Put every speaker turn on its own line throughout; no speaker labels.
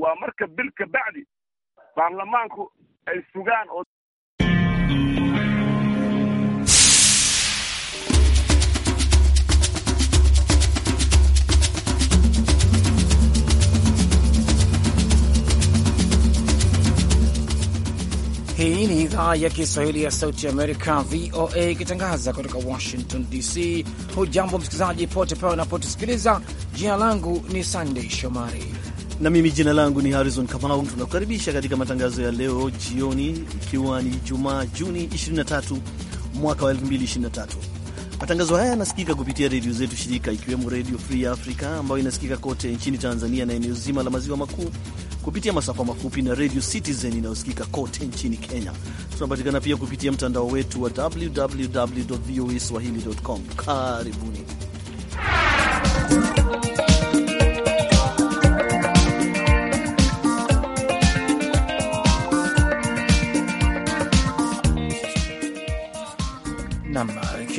waa marka bil ka bacdi baarlamaanku ay sugaan oo
Hii ni idhaa ya Kiswahili ya Sauti ya Amerika, VOA, ikitangaza kutoka Washington DC. Hujambo msikilizaji pote pale unapotusikiliza. Jina langu ni Sandey Shomari
na mimi jina langu ni Harrison Kamau. Tunakukaribisha katika matangazo ya leo jioni, ikiwa ni Jumaa Juni 23 mwaka wa 2023. Matangazo haya yanasikika kupitia redio zetu shirika, ikiwemo Redio Free Africa ambayo inasikika kote nchini Tanzania na eneo zima la maziwa makuu kupitia masafa mafupi na Radio Citizen inayosikika kote nchini Kenya. Tunapatikana pia kupitia mtandao wetu wa www voa swahili.com. Karibuni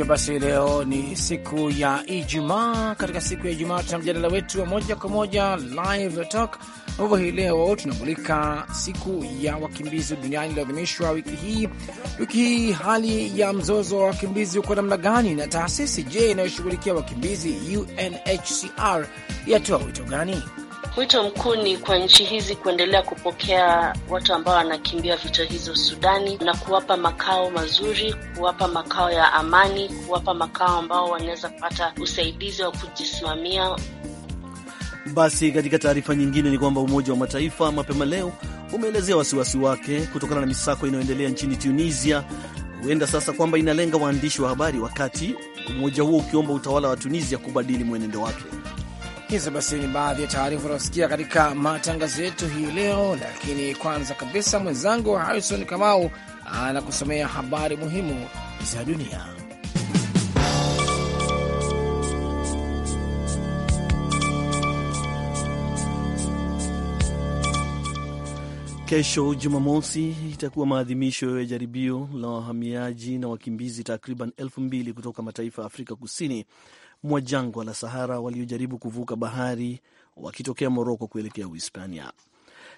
kukumbusha basi, leo ni siku ya Ijumaa. Katika siku ya Ijumaa tuna mjadala wetu wa moja kwa moja live talk, ambapo hii leo tunamulika siku ya wakimbizi duniani iliyoadhimishwa wiki hii. Wiki hii hali ya mzozo wa wakimbizi uko namna gani, na taasisi je inayoshughulikia wakimbizi UNHCR yatoa wito gani?
Wito mkuu ni kwa nchi hizi kuendelea kupokea watu ambao wanakimbia vita hizo Sudani na kuwapa makao mazuri, kuwapa makao ya amani, kuwapa makao ambao wanaweza kupata usaidizi wa kujisimamia.
Basi katika taarifa nyingine ni kwamba Umoja wa Mataifa mapema leo umeelezea wasiwasi wake kutokana na misako inayoendelea nchini Tunisia, huenda sasa kwamba inalenga waandishi wa habari, wakati umoja huo ukiomba utawala wa Tunisia kubadili mwenendo wake. Hizo basi ni baadhi ya
taarifa unaosikia katika matangazo yetu hii leo, lakini kwanza kabisa mwenzangu Harrison Kamau anakusomea habari muhimu za dunia.
Kesho Jumamosi itakuwa maadhimisho ya jaribio la wahamiaji na wakimbizi takriban elfu mbili kutoka mataifa ya Afrika Kusini mwa jangwa la Sahara waliojaribu kuvuka bahari wakitokea Moroko kuelekea Uhispania.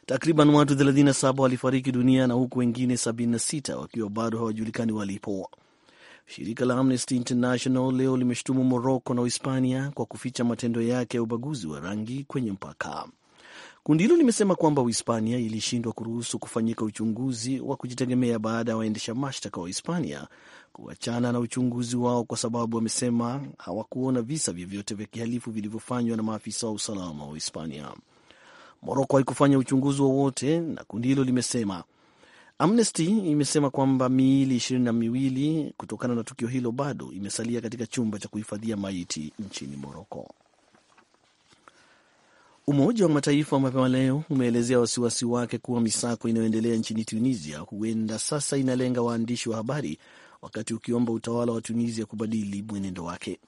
Takriban watu 37 walifariki dunia na huku wengine 76 wakiwa bado hawajulikani walipo. Shirika la Amnesty International leo limeshutumu Moroko na Uhispania kwa kuficha matendo yake ya ubaguzi wa rangi kwenye mpaka. Kundi hilo limesema kwamba Uhispania ilishindwa kuruhusu kufanyika uchunguzi wa kujitegemea baada ya waendesha mashtaka wa Hispania kuachana na uchunguzi wao kwa sababu wamesema hawakuona visa vyovyote vya kihalifu vilivyofanywa na maafisa wa usalama wa Hispania. Moroko haikufanya uchunguzi wowote na kundi hilo limesema. Amnesty imesema kwamba miili ishirini na miwili kutokana na tukio hilo bado imesalia katika chumba cha kuhifadhia maiti nchini Moroko. Umoja wa Mataifa mapema leo umeelezea wasiwasi wake kuwa misako inayoendelea nchini Tunisia huenda sasa inalenga waandishi wa habari, wakati ukiomba utawala wa Tunisia kubadili mwenendo wake.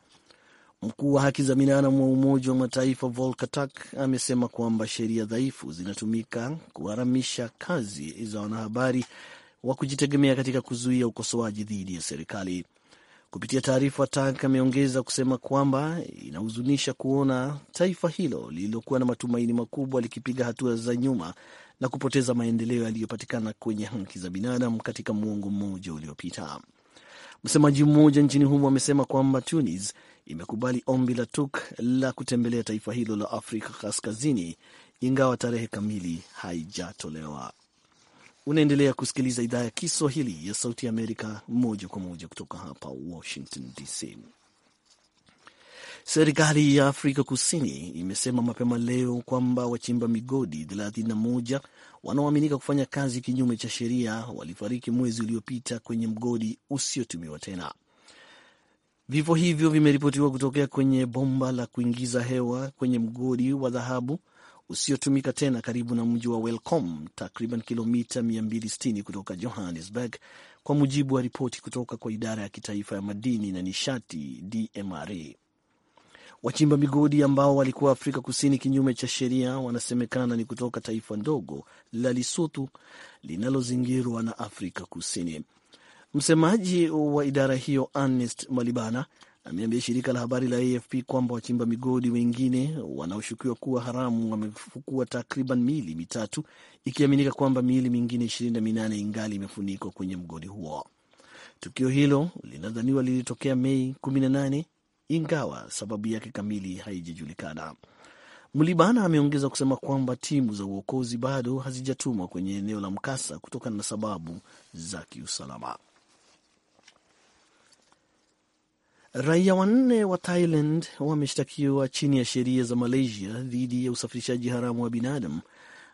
Mkuu wa haki za binadamu wa Umoja wa Mataifa Volker Turk amesema kwamba sheria dhaifu zinatumika kuharamisha kazi za wanahabari wa kujitegemea katika kuzuia ukosoaji dhidi ya serikali. Kupitia taarifa, TAG ameongeza kusema kwamba inahuzunisha kuona taifa hilo lililokuwa na matumaini makubwa likipiga hatua za nyuma na kupoteza maendeleo yaliyopatikana kwenye haki za binadamu katika muongo mmoja uliopita. Msemaji mmoja nchini humo amesema kwamba Tunis imekubali ombi la TUK la kutembelea taifa hilo la Afrika Kaskazini, ingawa tarehe kamili haijatolewa. Unaendelea kusikiliza idhaa ya Kiswahili ya Sauti ya Amerika moja kwa moja kutoka hapa Washington DC. Serikali ya Afrika Kusini imesema mapema leo kwamba wachimba migodi 31 wanaoaminika kufanya kazi kinyume cha sheria walifariki mwezi uliopita kwenye mgodi usiotumiwa tena. Vifo hivyo vimeripotiwa kutokea kwenye bomba la kuingiza hewa kwenye mgodi wa dhahabu usiotumika tena karibu na mji wa welcom takriban kilomita 260 kutoka Johannesburg, kwa mujibu wa ripoti kutoka kwa idara ya kitaifa ya madini na nishati DMRA. Wachimba migodi ambao walikuwa Afrika Kusini kinyume cha sheria wanasemekana ni kutoka taifa ndogo la lisutu linalozingirwa na Afrika Kusini. Msemaji wa idara hiyo Ernest Malibana ameambia shirika la habari la AFP kwamba wachimba migodi wengine wanaoshukiwa kuwa haramu wamefukua takriban miili mitatu, ikiaminika kwamba miili mingine ishirini na minane ingali imefunikwa kwenye mgodi huo. Tukio hilo linadhaniwa lilitokea Mei 18 ingawa sababu yake kamili haijajulikana. Mlibana ameongeza kusema kwamba timu za uokozi bado hazijatumwa kwenye eneo la mkasa kutokana na sababu za kiusalama. Raia wanne wa Thailand wameshtakiwa chini ya sheria za Malaysia dhidi ya usafirishaji haramu wa binadamu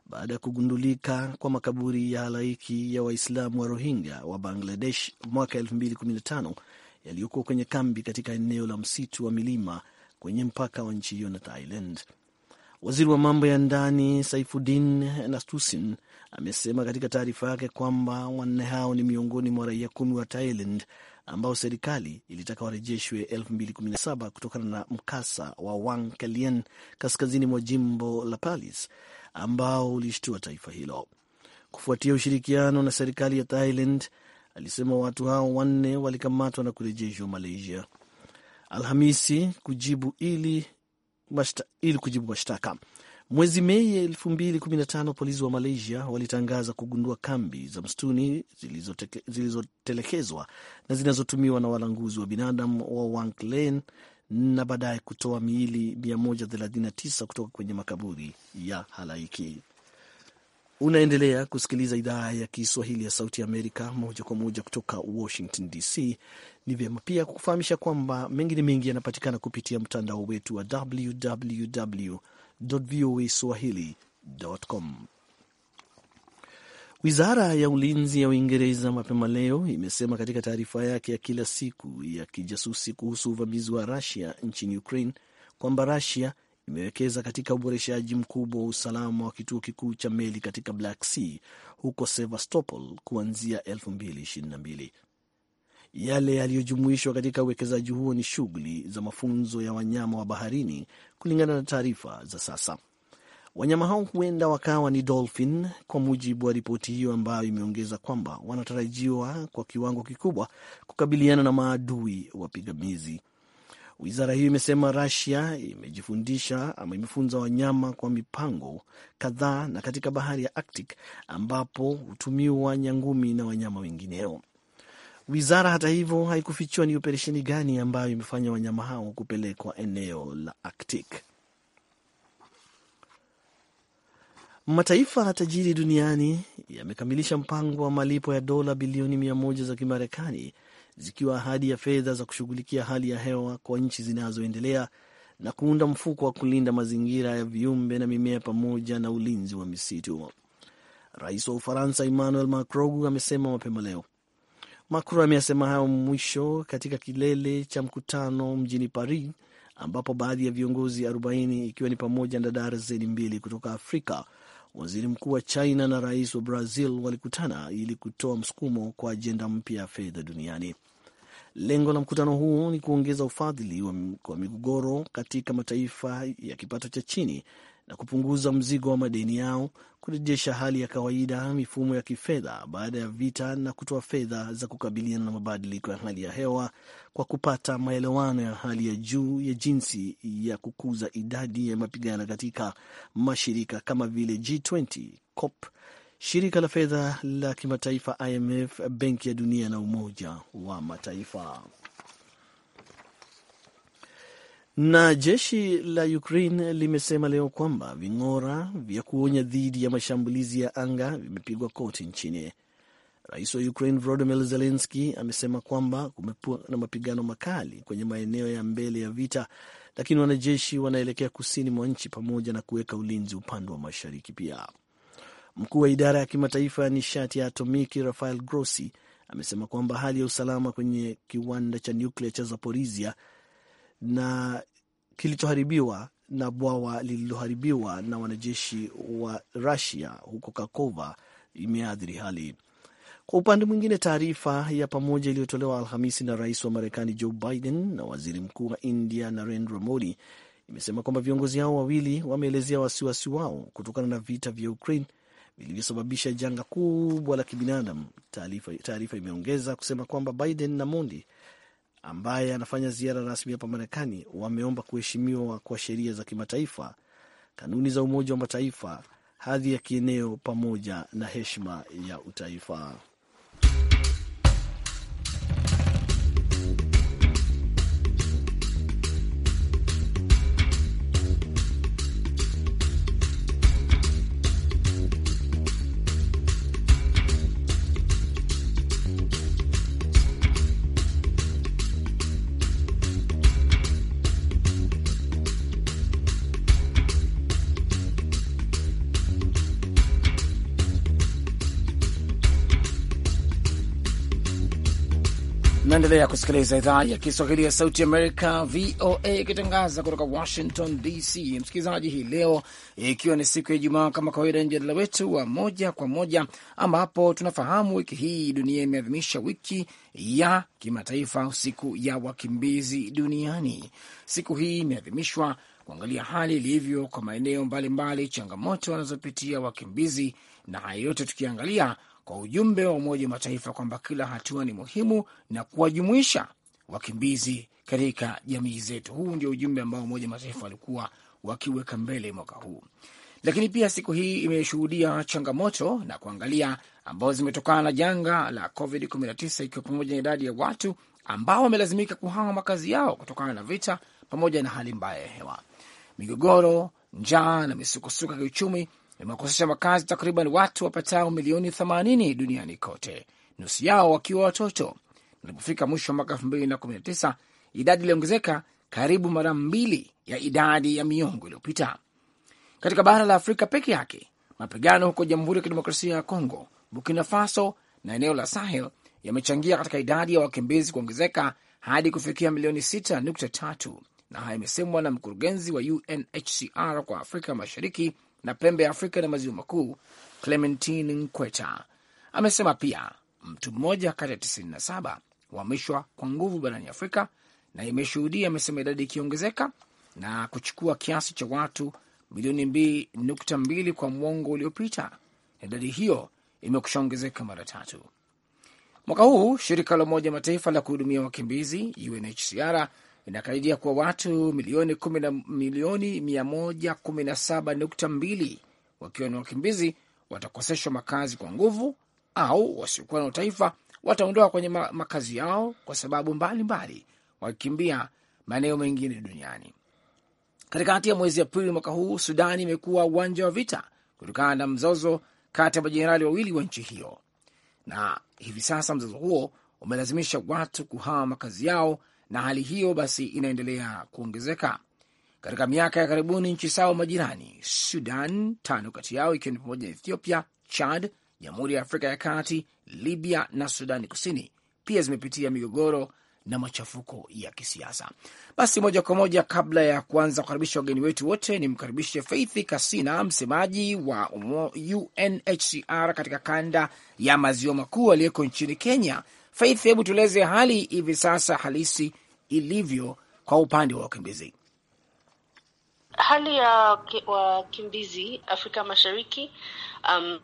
baada ya kugundulika kwa makaburi ya halaiki ya Waislamu wa Rohingya wa Bangladesh mwaka 2015 yaliyokuwa kwenye kambi katika eneo la msitu wa milima kwenye mpaka wa nchi hiyo na Thailand. Waziri wa mambo ya ndani Saifuddin Nastusin amesema katika taarifa yake kwamba wanne hao ni miongoni mwa raia kumi wa Thailand ambao serikali ilitaka warejeshwe 2017 kutokana na mkasa wa Wang Kalien kaskazini mwa jimbo la Palis ambao ulishtua taifa hilo. Kufuatia ushirikiano na serikali ya Thailand, alisema watu hao wanne walikamatwa na kurejeshwa Malaysia Alhamisi kujibu ili, ili kujibu mashtaka. Mwezi Mei 2015 polisi wa Malaysia walitangaza kugundua kambi za msituni zilizotelekezwa na zinazotumiwa na walanguzi wa binadamu wa Wangkleen na baadaye kutoa miili 139 kutoka kwenye makaburi ya halaiki. Unaendelea kusikiliza idhaa ya Kiswahili ya Sauti ya Amerika moja kwa moja kutoka Washington DC. Ni vyema pia kukufahamisha kwamba mengine mengi yanapatikana kupitia mtandao wetu wa www voa Wizara ya ulinzi ya Uingereza mapema leo imesema katika taarifa yake ya kila siku ya kijasusi kuhusu uvamizi wa Rusia nchini Ukraine kwamba Rusia imewekeza katika uboreshaji mkubwa wa usalama wa kituo kikuu cha meli katika Black Sea huko Sevastopol kuanzia 2022. Yale yaliyojumuishwa katika uwekezaji huo ni shughuli za mafunzo ya wanyama wa baharini, kulingana na taarifa za sasa. Wanyama hao huenda wakawa ni dolphin, kwa mujibu wa ripoti hiyo ambayo imeongeza kwamba wanatarajiwa kwa kiwango kikubwa kukabiliana na maadui wapigamizi. Wizara hiyo imesema rasia imejifundisha ama imefunza wanyama kwa mipango kadhaa na katika bahari ya Arctic ambapo hutumiwa nyangumi na wanyama wengineo. Wizara hata hivyo haikufichua ni operesheni gani ambayo imefanya wanyama hao kupelekwa eneo la Arctic. Mataifa tajiri duniani yamekamilisha mpango wa malipo ya dola bilioni mia moja za Kimarekani zikiwa ahadi ya fedha za kushughulikia hali ya hewa kwa nchi zinazoendelea na kuunda mfuko wa kulinda mazingira ya viumbe na mimea pamoja na ulinzi wa misitu. Rais wa Ufaransa Emmanuel Macron amesema mapema leo Macron ameyasema hayo mwisho katika kilele cha mkutano mjini Paris, ambapo baadhi ya viongozi 40 ikiwa ni pamoja na darzeni mbili kutoka Afrika, waziri mkuu wa China na rais wa Brazil walikutana ili kutoa msukumo kwa ajenda mpya ya fedha duniani. Lengo la mkutano huo ni kuongeza ufadhili kwa migogoro katika mataifa ya kipato cha chini na kupunguza mzigo wa madeni yao, kurejesha hali ya kawaida mifumo ya kifedha baada ya vita na kutoa fedha za kukabiliana na mabadiliko ya hali ya hewa kwa kupata maelewano ya hali ya juu ya jinsi ya kukuza idadi ya mapigano katika mashirika kama vile G20, COP, shirika la fedha la kimataifa IMF, Benki ya Dunia na Umoja wa Mataifa. Na jeshi la Ukraine limesema leo kwamba ving'ora vya kuonya dhidi ya mashambulizi ya anga vimepigwa kote nchini. Rais wa Ukraine Volodymyr Zelensky amesema kwamba kumekuwa na mapigano makali kwenye maeneo ya mbele ya vita, lakini wanajeshi wanaelekea kusini mwa nchi pamoja na kuweka ulinzi upande wa mashariki pia. Mkuu wa idara ya kimataifa ya nishati ya atomiki Rafael Grossi amesema kwamba hali ya usalama kwenye kiwanda cha nyuklia cha Zaporizhia na kilichoharibiwa na bwawa lililoharibiwa na wanajeshi wa Rusia huko Kakova imeathiri hali. Kwa upande mwingine, taarifa ya pamoja iliyotolewa Alhamisi na rais wa Marekani Joe Biden na waziri mkuu wa India Narendra Modi imesema kwamba viongozi hao wawili wameelezea wasiwasi wao kutokana na vita vya Ukraine vilivyosababisha janga kubwa la kibinadamu. Taarifa imeongeza kusema kwamba Biden na Modi ambaye anafanya ziara rasmi hapa Marekani wameomba kuheshimiwa kwa sheria za kimataifa, kanuni za Umoja wa Mataifa, hadhi ya kieneo pamoja na heshima ya utaifa.
Unaendelea kusikiliza idhaa ya Kiswahili ya Sauti Amerika, VOA, ikitangaza kutoka Washington DC. Msikilizaji, hii leo ikiwa ni siku ya Ijumaa, kama kawaida, ni mjadala wetu wa moja kwa moja, ambapo tunafahamu wiki hii dunia imeadhimisha wiki ya kimataifa, siku ya wakimbizi duniani. Siku hii imeadhimishwa kuangalia hali ilivyo kwa maeneo mbalimbali, changamoto wanazopitia wakimbizi, na haya yote tukiangalia kwa ujumbe wa Umoja wa Mataifa kwamba kila hatua ni muhimu na kuwajumuisha wakimbizi katika jamii zetu. Huu ndio ujumbe ambao Umoja wa Mataifa walikuwa wakiweka mbele mwaka huu. Lakini pia siku hii imeshuhudia changamoto na kuangalia ambazo zimetokana na janga la COVID-19 ikiwa pamoja na idadi ya watu ambao wamelazimika kuhama makazi yao kutokana na vita pamoja na hali mbaya ya hewa, migogoro, njaa na misukosuko ya kiuchumi limekosesha makazi takriban watu wapatao milioni 80 duniani kote, nusu yao wakiwa watoto. Ilipofika mwisho wa mwaka 2019 idadi iliongezeka karibu mara mbili ya idadi ya miongo iliyopita. Katika bara la Afrika peke yake, mapigano huko Jamhuri ya Kidemokrasia ya Kongo, Burkina Faso na eneo la Sahel yamechangia katika idadi ya wakimbizi kuongezeka hadi kufikia milioni 6.3, na haya imesemwa na mkurugenzi wa UNHCR kwa Afrika Mashariki na pembe ya Afrika na maziwa makuu Clementine Nkweta amesema pia mtu mmoja kati ya 97 huhamishwa kwa nguvu barani Afrika na imeshuhudia, amesema idadi ikiongezeka na kuchukua kiasi cha watu milioni 2.2 kwa mwongo uliopita. Idadi hiyo imekusha ongezeka mara tatu mwaka huu. Shirika la Umoja Mataifa la kuhudumia wakimbizi UNHCR inakadiria kuwa watu milioni kumi na milioni mbili wakiwa ni wakimbizi watakoseshwa makazi kwa nguvu au wasiokuwa na utaifa wataondoka kwenye makazi yao kwa sababu mbalimbali, wakikimbia maeneo mengine duniani. Katikati ya mwezi Aprili mwaka huu, Sudani imekuwa uwanja wa vita kutokana na mzozo kati ya majenerali wawili wa nchi hiyo, na hivi sasa mzozo huo umelazimisha watu kuhama makazi yao na hali hiyo basi inaendelea kuongezeka. Katika miaka ya karibuni, nchi sawa majirani Sudan, tano kati yao ikiwa ni pamoja na Ethiopia, Chad, Jamhuri ya Afrika ya Kati, Libya na Sudani Kusini pia zimepitia migogoro na machafuko ya kisiasa. Basi moja kwa moja, kabla ya kuanza kukaribisha wageni wetu wote, nimkaribishe Feithi Kasina, msemaji wa UNHCR katika kanda ya maziwa makuu aliyeko nchini Kenya. Faith, hebu tueleze hali hivi sasa halisi ilivyo kwa upande wa wakimbizi.
Hali ya wakimbizi Afrika Mashariki, um,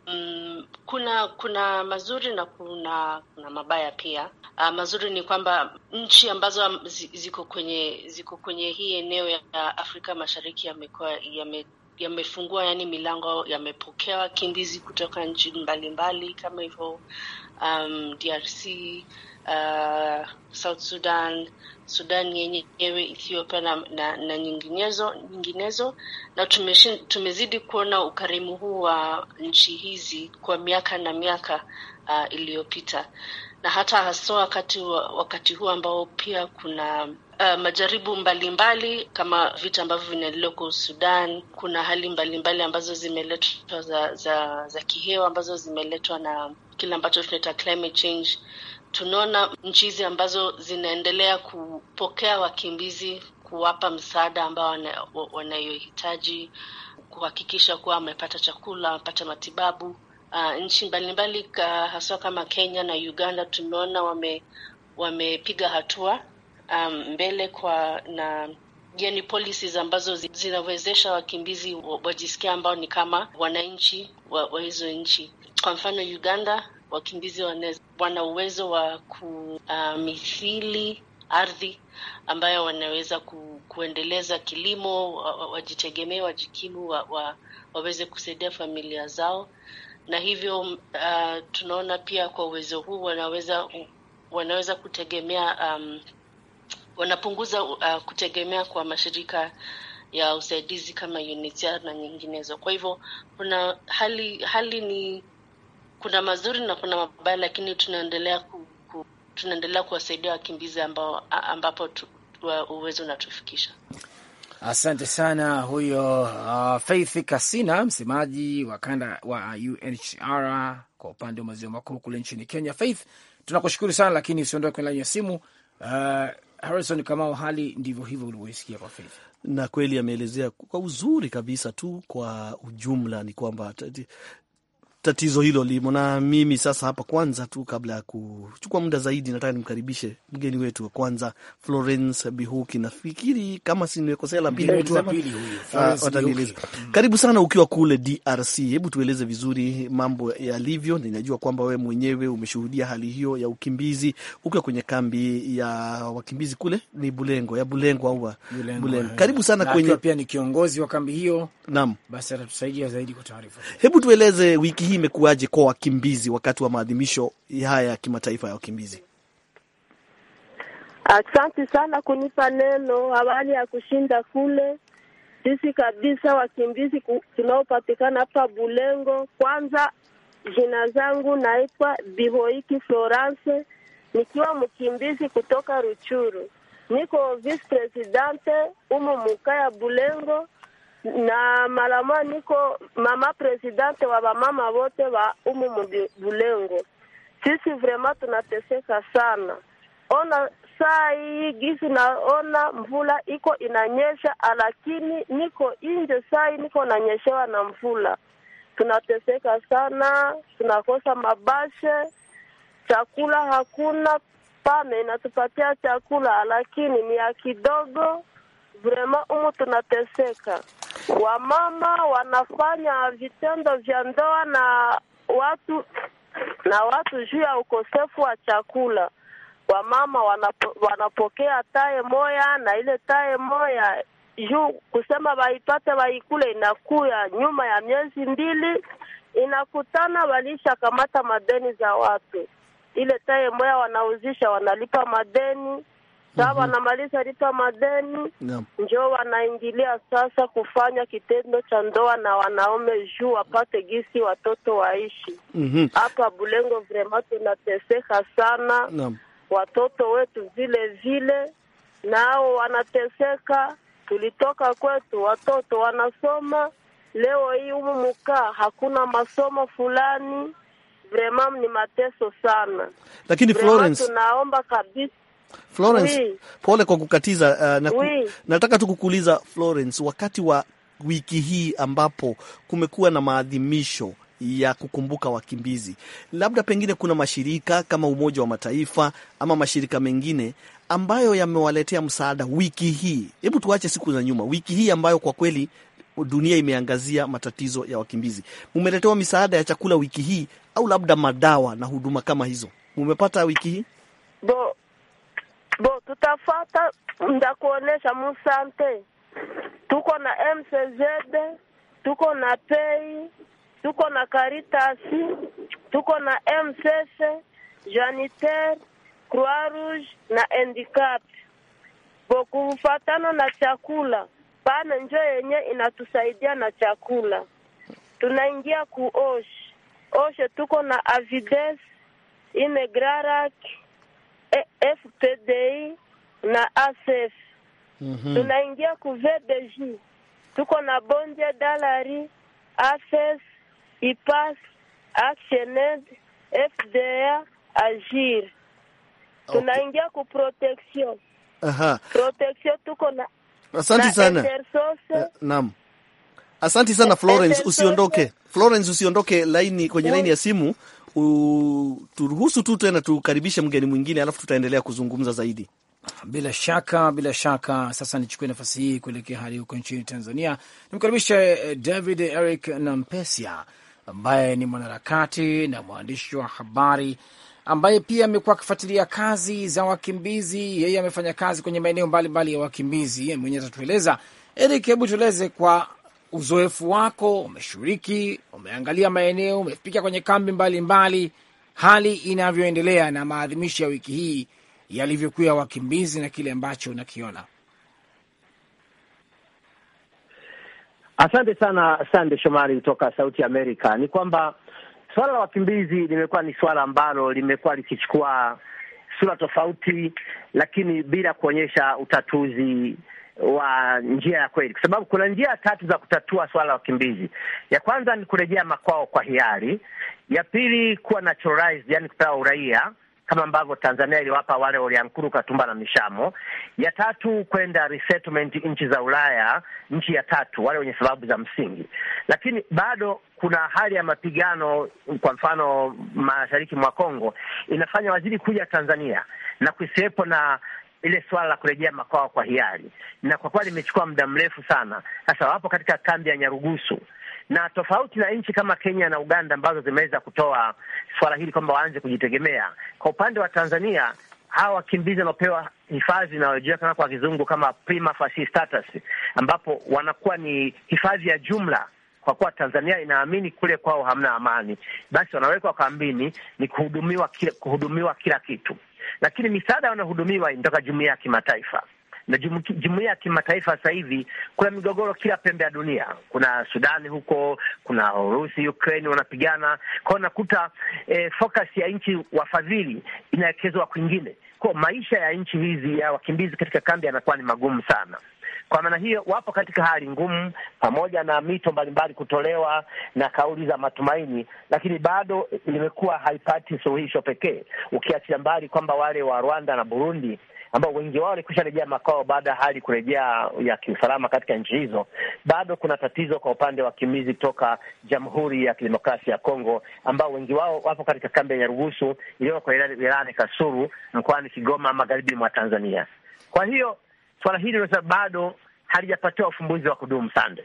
kuna kuna mazuri na kuna kuna mabaya pia. Uh, mazuri ni kwamba nchi ambazo ziko kwenye ziko kwenye hii eneo ya Afrika Mashariki yamekuwa yame yamefungua yani milango, yamepokea wakimbizi kutoka nchi mbalimbali kama hivyo, um, DRC, uh, South Sudan, sudan yenyewe, Ethiopia na, na, na nyinginezo, nyinginezo na tumeshin, tumezidi kuona ukarimu huu wa nchi hizi kwa miaka na miaka uh, iliyopita na hata hasa wakati, wakati huu ambao pia kuna Uh, majaribu mbalimbali mbali, kama vita ambavyo vinaendelea kwa Sudan. Kuna hali mbalimbali mbali ambazo zimeletwa za, za, za kihewa ambazo zimeletwa na kile ambacho tunaita climate change tunaona nchi hizi ambazo zinaendelea kupokea wakimbizi, kuwapa msaada ambao wanayohitaji, kuhakikisha kuwa wamepata chakula, wamepata matibabu. Uh, nchi mbalimbali haswa kama Kenya na Uganda tumeona wame wamepiga hatua um, mbele kwa na yani policies ambazo zinawezesha wakimbizi wajisikia ambao ni kama wananchi wa hizo nchi. Kwa mfano Uganda wakimbizi wana uwezo wa kumithili uh, ardhi ambayo wanaweza ku, kuendeleza kilimo, wajitegemee, wajikimu, wa, wa, waweze kusaidia familia zao, na hivyo uh, tunaona pia kwa uwezo huu wanaweza wanaweza kutegemea um, wanapunguza uh, kutegemea kwa mashirika ya usaidizi kama UNICEF na nyinginezo. Kwa hivyo kuna hali hali ni kuna mazuri na kuna mabaya, lakini tunaendelea ku, ku, tunaendelea kuwasaidia wakimbizi ambao ambapo tu, wa uwezo unatufikisha.
Asante sana huyo uh, Faith Kasina, msemaji wa kanda wa UNHCR kwa upande wa maziwa makuu kule nchini Kenya. Faith, tunakushukuru sana, lakini usiondoke kwenye laini ya simu. Uh, Harrison Kamau, hali ndivyo hivyo ulivyoisikia kwa Faith
na kweli ameelezea kwa uzuri kabisa tu. Kwa ujumla ni kwamba tatizo hilo limo. Na mimi sasa hapa, kwanza tu, kabla ya kuchukua muda zaidi, nataka nimkaribishe mgeni wetu wa kwanza Florence Bihuki. Nafikiri kama sinimekosea, la pili
ah, watanieleza.
Karibu sana ukiwa kule DRC, hebu tueleze vizuri mambo yalivyo. Ninajua kwamba wewe mwenyewe umeshuhudia hali hiyo ya ukimbizi ukiwa kwenye kambi ya wakimbizi kule ni Bulengo ya Bulengo au
Bulengo, Bulengo. Eh. Karibu sana kwenye pia ni kiongozi wa kambi
hiyo. Naam,
basi atatusaidia zaidi kwa taarifa.
Hebu tueleze wiki hii imekuwaje kwa wakimbizi wakati wa maadhimisho haya ya kimataifa ya wakimbizi?
Asante sana kunipa neno. Awali ya kushinda kule sisi kabisa wakimbizi tunaopatikana hapa Bulengo. Kwanza jina zangu naitwa Bihoiki Florence, nikiwa mkimbizi kutoka Ruchuru, niko vice presidente umo mukaya ya Bulengo na malama niko mama presidente wa wamama wote wa umu mbulengo Sisi vrema tunateseka sana, ona saa hii gisi, naona mvula iko inanyesha, lakini niko nje saa hii niko nanyeshewa na mvula. Tunateseka sana, tunakosa mabashe, chakula hakuna. Pame inatupatia chakula, lakini ni ya kidogo. Vrema umu tunateseka wamama wanafanya vitendo vya ndoa na watu na watu juu ya ukosefu wa chakula. Wamama wanapo, wanapokea taye moya na ile taye moya juu kusema waipate waikule, inakuya nyuma ya miezi mbili inakutana walisha kamata madeni za watu. Ile taye moya wanauzisha, wanalipa madeni saa mhm. wanamaliza lipa madeni yeah. Njo wanaingilia sasa kufanya kitendo cha ndoa na wanaume juu wapate gisi watoto waishi mhm. hapa mm -hmm. Bulengo vrema tunateseka sana yeah. Watoto wetu vile vile nao wanateseka. Tulitoka kwetu watoto wanasoma, leo hii humu mkaa hakuna masomo fulani. Vrema ni mateso sana, lakini Florence, tunaomba kabisa Florence oui.
Pole kwa kukatiza uh, na ku, oui. Nataka tu kukuuliza Florence, wakati wa wiki hii ambapo kumekuwa na maadhimisho ya kukumbuka wakimbizi, labda pengine kuna mashirika kama Umoja wa Mataifa ama mashirika mengine ambayo yamewaletea msaada wiki hii. Hebu tuache siku za nyuma, wiki hii ambayo kwa kweli dunia imeangazia matatizo ya wakimbizi, mumeletewa misaada ya chakula wiki hii au labda madawa na huduma kama hizo, mumepata wiki hii? Bo,
bo tutafata, ndakuonesha musante. Tuko na MCZ, tuko na pei, tuko na Karitasi, tuko na MSS, Janitaire, Croix Rouge na handicap. Bo kufatana na chakula bana, njo yenye inatusaidia na chakula. Tunaingia kuoshe oshe, tuko na Avides, Ine E FPDI na ASF mm -hmm. Tunaingia ku VBJ tuko na bonde dalari AFES IPAS Actioned FDA Agir tunaingia okay. ku protection Aha. protection tuko na asante sana na
eh, naam asante sana Florence, usiondoke Florence, usiondoke laini kwenye laini ya simu turuhusu tu tena tukaribishe mgeni mwingine, alafu tutaendelea kuzungumza zaidi. Bila shaka, bila shaka. Sasa nichukue nafasi hii kuelekea hadi huko
nchini Tanzania, nimkaribishe eh, David Eric Nampesia ambaye ni mwanaharakati na mwandishi wa habari ambaye pia amekuwa akifuatilia kazi za wakimbizi. Yeye amefanya kazi kwenye maeneo mbalimbali ya wakimbizi mwenyewe, atatueleza. Eric, hebu tueleze kwa uzoefu wako, umeshiriki, umeangalia maeneo, umefika kwenye kambi mbalimbali mbali, hali inavyoendelea na maadhimisho ya wiki hii yalivyokuwa wakimbizi na kile ambacho unakiona.
Asante sana Sande Shomari kutoka Sauti Amerika. Ni kwamba suala la wakimbizi limekuwa ni suala ambalo limekuwa likichukua sura tofauti, lakini bila kuonyesha utatuzi wa njia ya kweli, kwa sababu kuna njia tatu za kutatua swala la wakimbizi. Ya kwanza ni kurejea makwao kwa hiari, ya pili kuwa naturalized, yani kupewa uraia kama ambavyo Tanzania iliwapa wale Waliankuru, Katumba na Mishamo. Ya tatu kwenda resettlement, nchi za Ulaya, nchi ya tatu, wale wenye sababu za msingi. Lakini bado kuna hali ya mapigano, kwa mfano mashariki mwa Kongo, inafanya wazidi kuja Tanzania na kusiwepo na ile suala la kurejea makwao kwa hiari, na kwa kuwa limechukua muda mrefu sana. Sasa wapo katika kambi ya Nyarugusu, na tofauti na nchi kama Kenya na Uganda ambazo zimeweza kutoa suala hili kwamba waanze kujitegemea, kwa upande wa Tanzania hawa wakimbizi wanaopewa hifadhi inayojulikana kwa kizungu kama prima facie status, ambapo wanakuwa ni hifadhi ya jumla kwa kuwa Tanzania inaamini kule kwao hamna amani, basi wanawekwa kambini, ni kuhudumiwa kila, kuhudumiwa kila kitu lakini misaada wanahudumiwa inatoka jumuia ya kimataifa na jumuia ya kimataifa sasa hivi kuna migogoro kila pembe ya dunia. Kuna Sudani huko, kuna Urusi, Ukraine wanapigana kwao, nakuta eh, focus ya nchi wafadhili inawekezwa kwingine, kwao, maisha ya nchi hizi ya wakimbizi katika kambi yanakuwa ni magumu sana. Kwa maana hiyo, wapo katika hali ngumu, pamoja na mito mbalimbali kutolewa na kauli za matumaini, lakini bado limekuwa haipati suluhisho pekee, ukiachilia mbali kwamba wale wa Rwanda na Burundi ambao wengi wao walikwisha rejea makao baada ya hali kurejea ya kiusalama katika nchi hizo, bado kuna tatizo kwa upande wa wakimbizi kutoka Jamhuri ya Kidemokrasia ya Kongo ambao wengi wao wapo katika kambi ya Nyarugusu iliyoko wilayani Kasuru mkoani Kigoma, magharibi mwa Tanzania. Kwa hiyo swala hili bado halijapatiwa ufumbuzi
wa kudumu. Sande,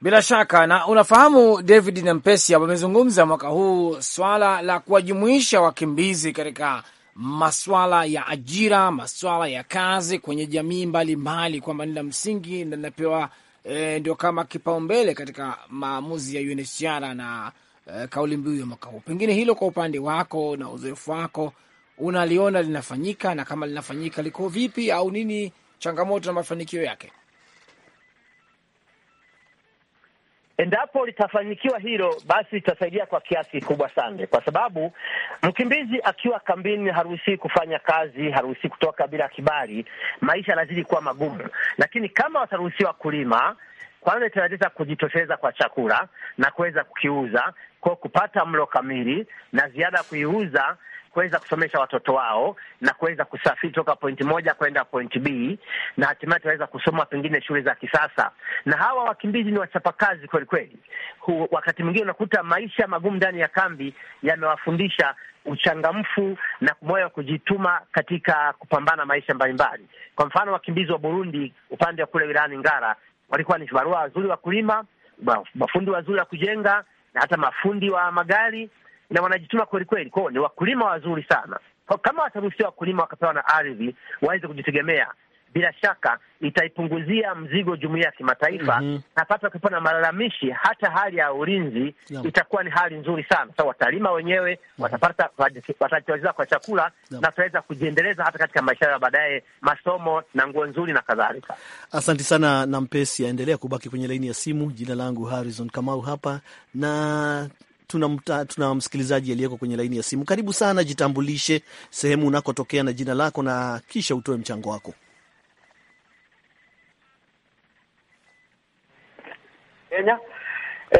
bila shaka na unafahamu David na Mpesi wamezungumza mwaka huu swala la kuwajumuisha wakimbizi katika maswala ya ajira, maswala ya kazi kwenye jamii mbalimbali, kwamba ni la msingi na linapewa e, ndio kama kipaumbele katika maamuzi ya UNHCR na e, kauli mbiu ya mwaka huu. Pengine hilo kwa upande wako na uzoefu wako unaliona linafanyika, na kama linafanyika liko vipi, au nini changamoto na mafanikio yake? Endapo litafanikiwa hilo, basi litasaidia kwa kiasi
kikubwa sana, kwa sababu mkimbizi akiwa kambini haruhusiwi kufanya kazi, haruhusiwi kutoka bila kibali. Maisha yanazidi kuwa magumu, lakini kama wataruhusiwa kulima, kwanza italeta kujitosheleza kwa chakula na kuweza kukiuza, kwa kupata mlo kamili na ziada ya kuiuza kuweza kusomesha watoto wao na kuweza kusafiri toka pointi moja kwenda pointi B, na hatimaye tunaweza kusoma pengine shule za kisasa. Na hawa wakimbizi ni wachapakazi kweli kweli. Wakati mwingine unakuta maisha magumu ndani ya kambi yamewafundisha uchangamfu na moyo wa kujituma katika kupambana maisha mbalimbali. Kwa mfano, wakimbizi wa Burundi upande wa kule wilayani Ngara walikuwa ni vibarua wazuri wa kulima, mafundi wazuri wa kujenga na hata mafundi wa magari na wanajituma kweli kweli, kwao ni wakulima wazuri sana. Kwa kama wataruhusiwa wakulima wakapewa na ardhi waweze kujitegemea, bila shaka itaipunguzia mzigo jumuia ya kimataifa mm -hmm. Na wakipa na malalamishi, hata hali ya ulinzi yeah. Itakuwa ni hali nzuri sana sa so, watalima wenyewe mhm. Watapata watajiweza kwa chakula yeah. Na tutaweza kujiendeleza hata katika maisha ya baadaye, masomo na nguo nzuri na kadhalika.
Asanti sana, na Mpesi aendelea kubaki kwenye laini ya simu. Jina langu Harrison Kamau hapa na tuna, tuna msikilizaji aliyeko kwenye laini ya simu. Karibu sana, jitambulishe, sehemu unakotokea na jina lako, na kisha utoe mchango wako.
Kenya.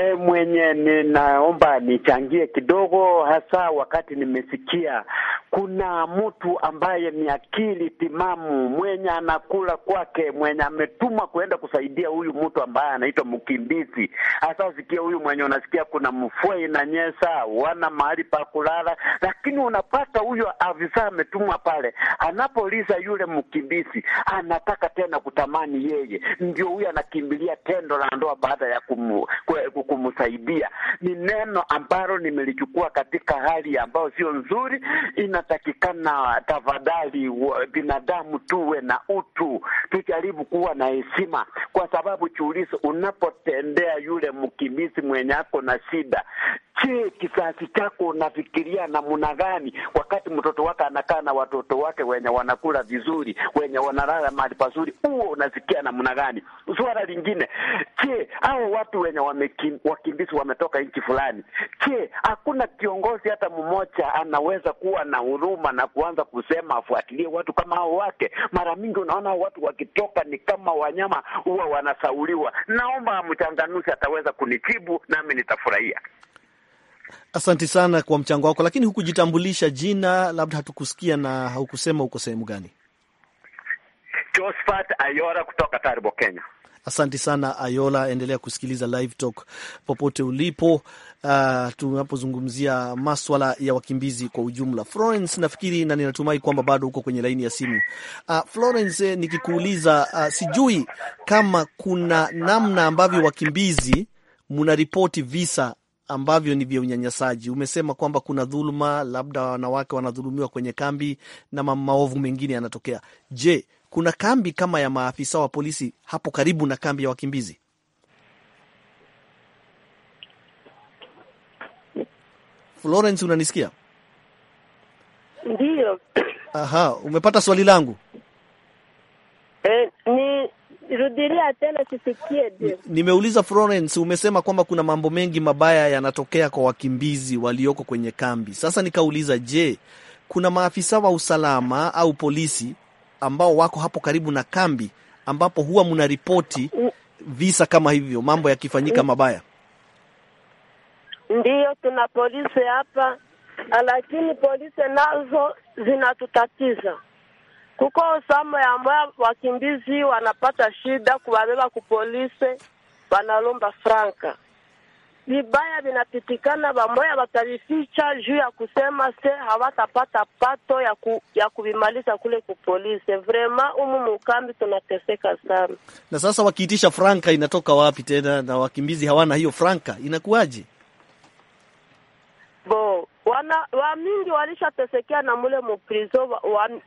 E, mwenye ninaomba nichangie kidogo, hasa wakati nimesikia kuna mtu ambaye ni akili timamu mwenye anakula kwake, mwenye ametumwa kuenda kusaidia huyu mtu ambaye anaitwa mkimbizi. Hasa sikia huyu mwenye, unasikia kuna mfua inanyesa, wana mahali pa kulala, lakini unapata huyo afisa ametumwa pale, anapoliza yule mkimbizi anataka tena kutamani yeye, ndio huyu anakimbilia tendo la ndoa baada ya kumu, kwe, kumsaidia. Ni neno ambalo nimelichukua katika hali ambayo sio nzuri. Inatakikana tafadhali, binadamu tuwe na utu, tujaribu kuwa na heshima, kwa sababu chulizo, unapotendea yule mkimbizi mwenye ako na shida, je, kizazi chako unafikiria namna gani? Wakati mtoto wake anakaa na watoto wake wenye wanakula vizuri, wenye wanalala mahali pazuri, huo unasikia namna gani? Suala lingine, je, hao watu wenye wameki wakimbizi wametoka nchi fulani. Je, hakuna kiongozi hata mmoja anaweza kuwa na huruma na kuanza kusema afuatilie watu kama hao wake? Mara mingi unaona watu wakitoka ni kama wanyama, huwa wanasauliwa. Naomba mchanganuzi ataweza kunijibu nami nitafurahia.
Asanti sana kwa mchango wako, lakini hukujitambulisha jina, labda hatukusikia na haukusema uko sehemu gani.
Josephat Ayora kutoka Taribo, Kenya.
Asante sana Ayola, endelea kusikiliza Live Talk popote ulipo. Uh, tunapozungumzia maswala ya wakimbizi kwa ujumla, Florence nafikiri na ninatumai kwamba bado uko kwenye laini ya simu. Uh, Florence eh, nikikuuliza uh, sijui kama kuna namna ambavyo wakimbizi mnaripoti visa ambavyo ni vya unyanyasaji. Umesema kwamba kuna dhuluma, labda wanawake wanadhulumiwa kwenye kambi na maovu mengine yanatokea. Je, kuna kambi kama ya maafisa wa polisi hapo karibu na kambi ya wakimbizi? Florence, unanisikia? Ndiyo. Aha, umepata swali langu?
e, ni rudilia tena sisikie.
Nimeuliza Florence, umesema kwamba kuna mambo mengi mabaya yanatokea kwa wakimbizi walioko kwenye kambi. Sasa nikauliza, je, kuna maafisa wa usalama au polisi ambao wako hapo karibu na kambi ambapo huwa mna ripoti visa kama hivyo, mambo yakifanyika mabaya?
Ndiyo, tuna polisi hapa, lakini polisi nazo zinatutatiza kuko samo ya mwa wakimbizi wanapata shida kuwabeba kupolisi, wanalomba franka vibaya vinapitikana, vamoya watavificha juu ya kusema se hawatapata pato ya, ku, ya kuvimaliza kule kupolise. Vrema umu mukambi tunateseka sana.
Na sasa wakiitisha franka inatoka wapi tena? Na wakimbizi hawana hiyo franka, inakuwaje?
Bo wana wamingi walishatesekea na mule muprizo,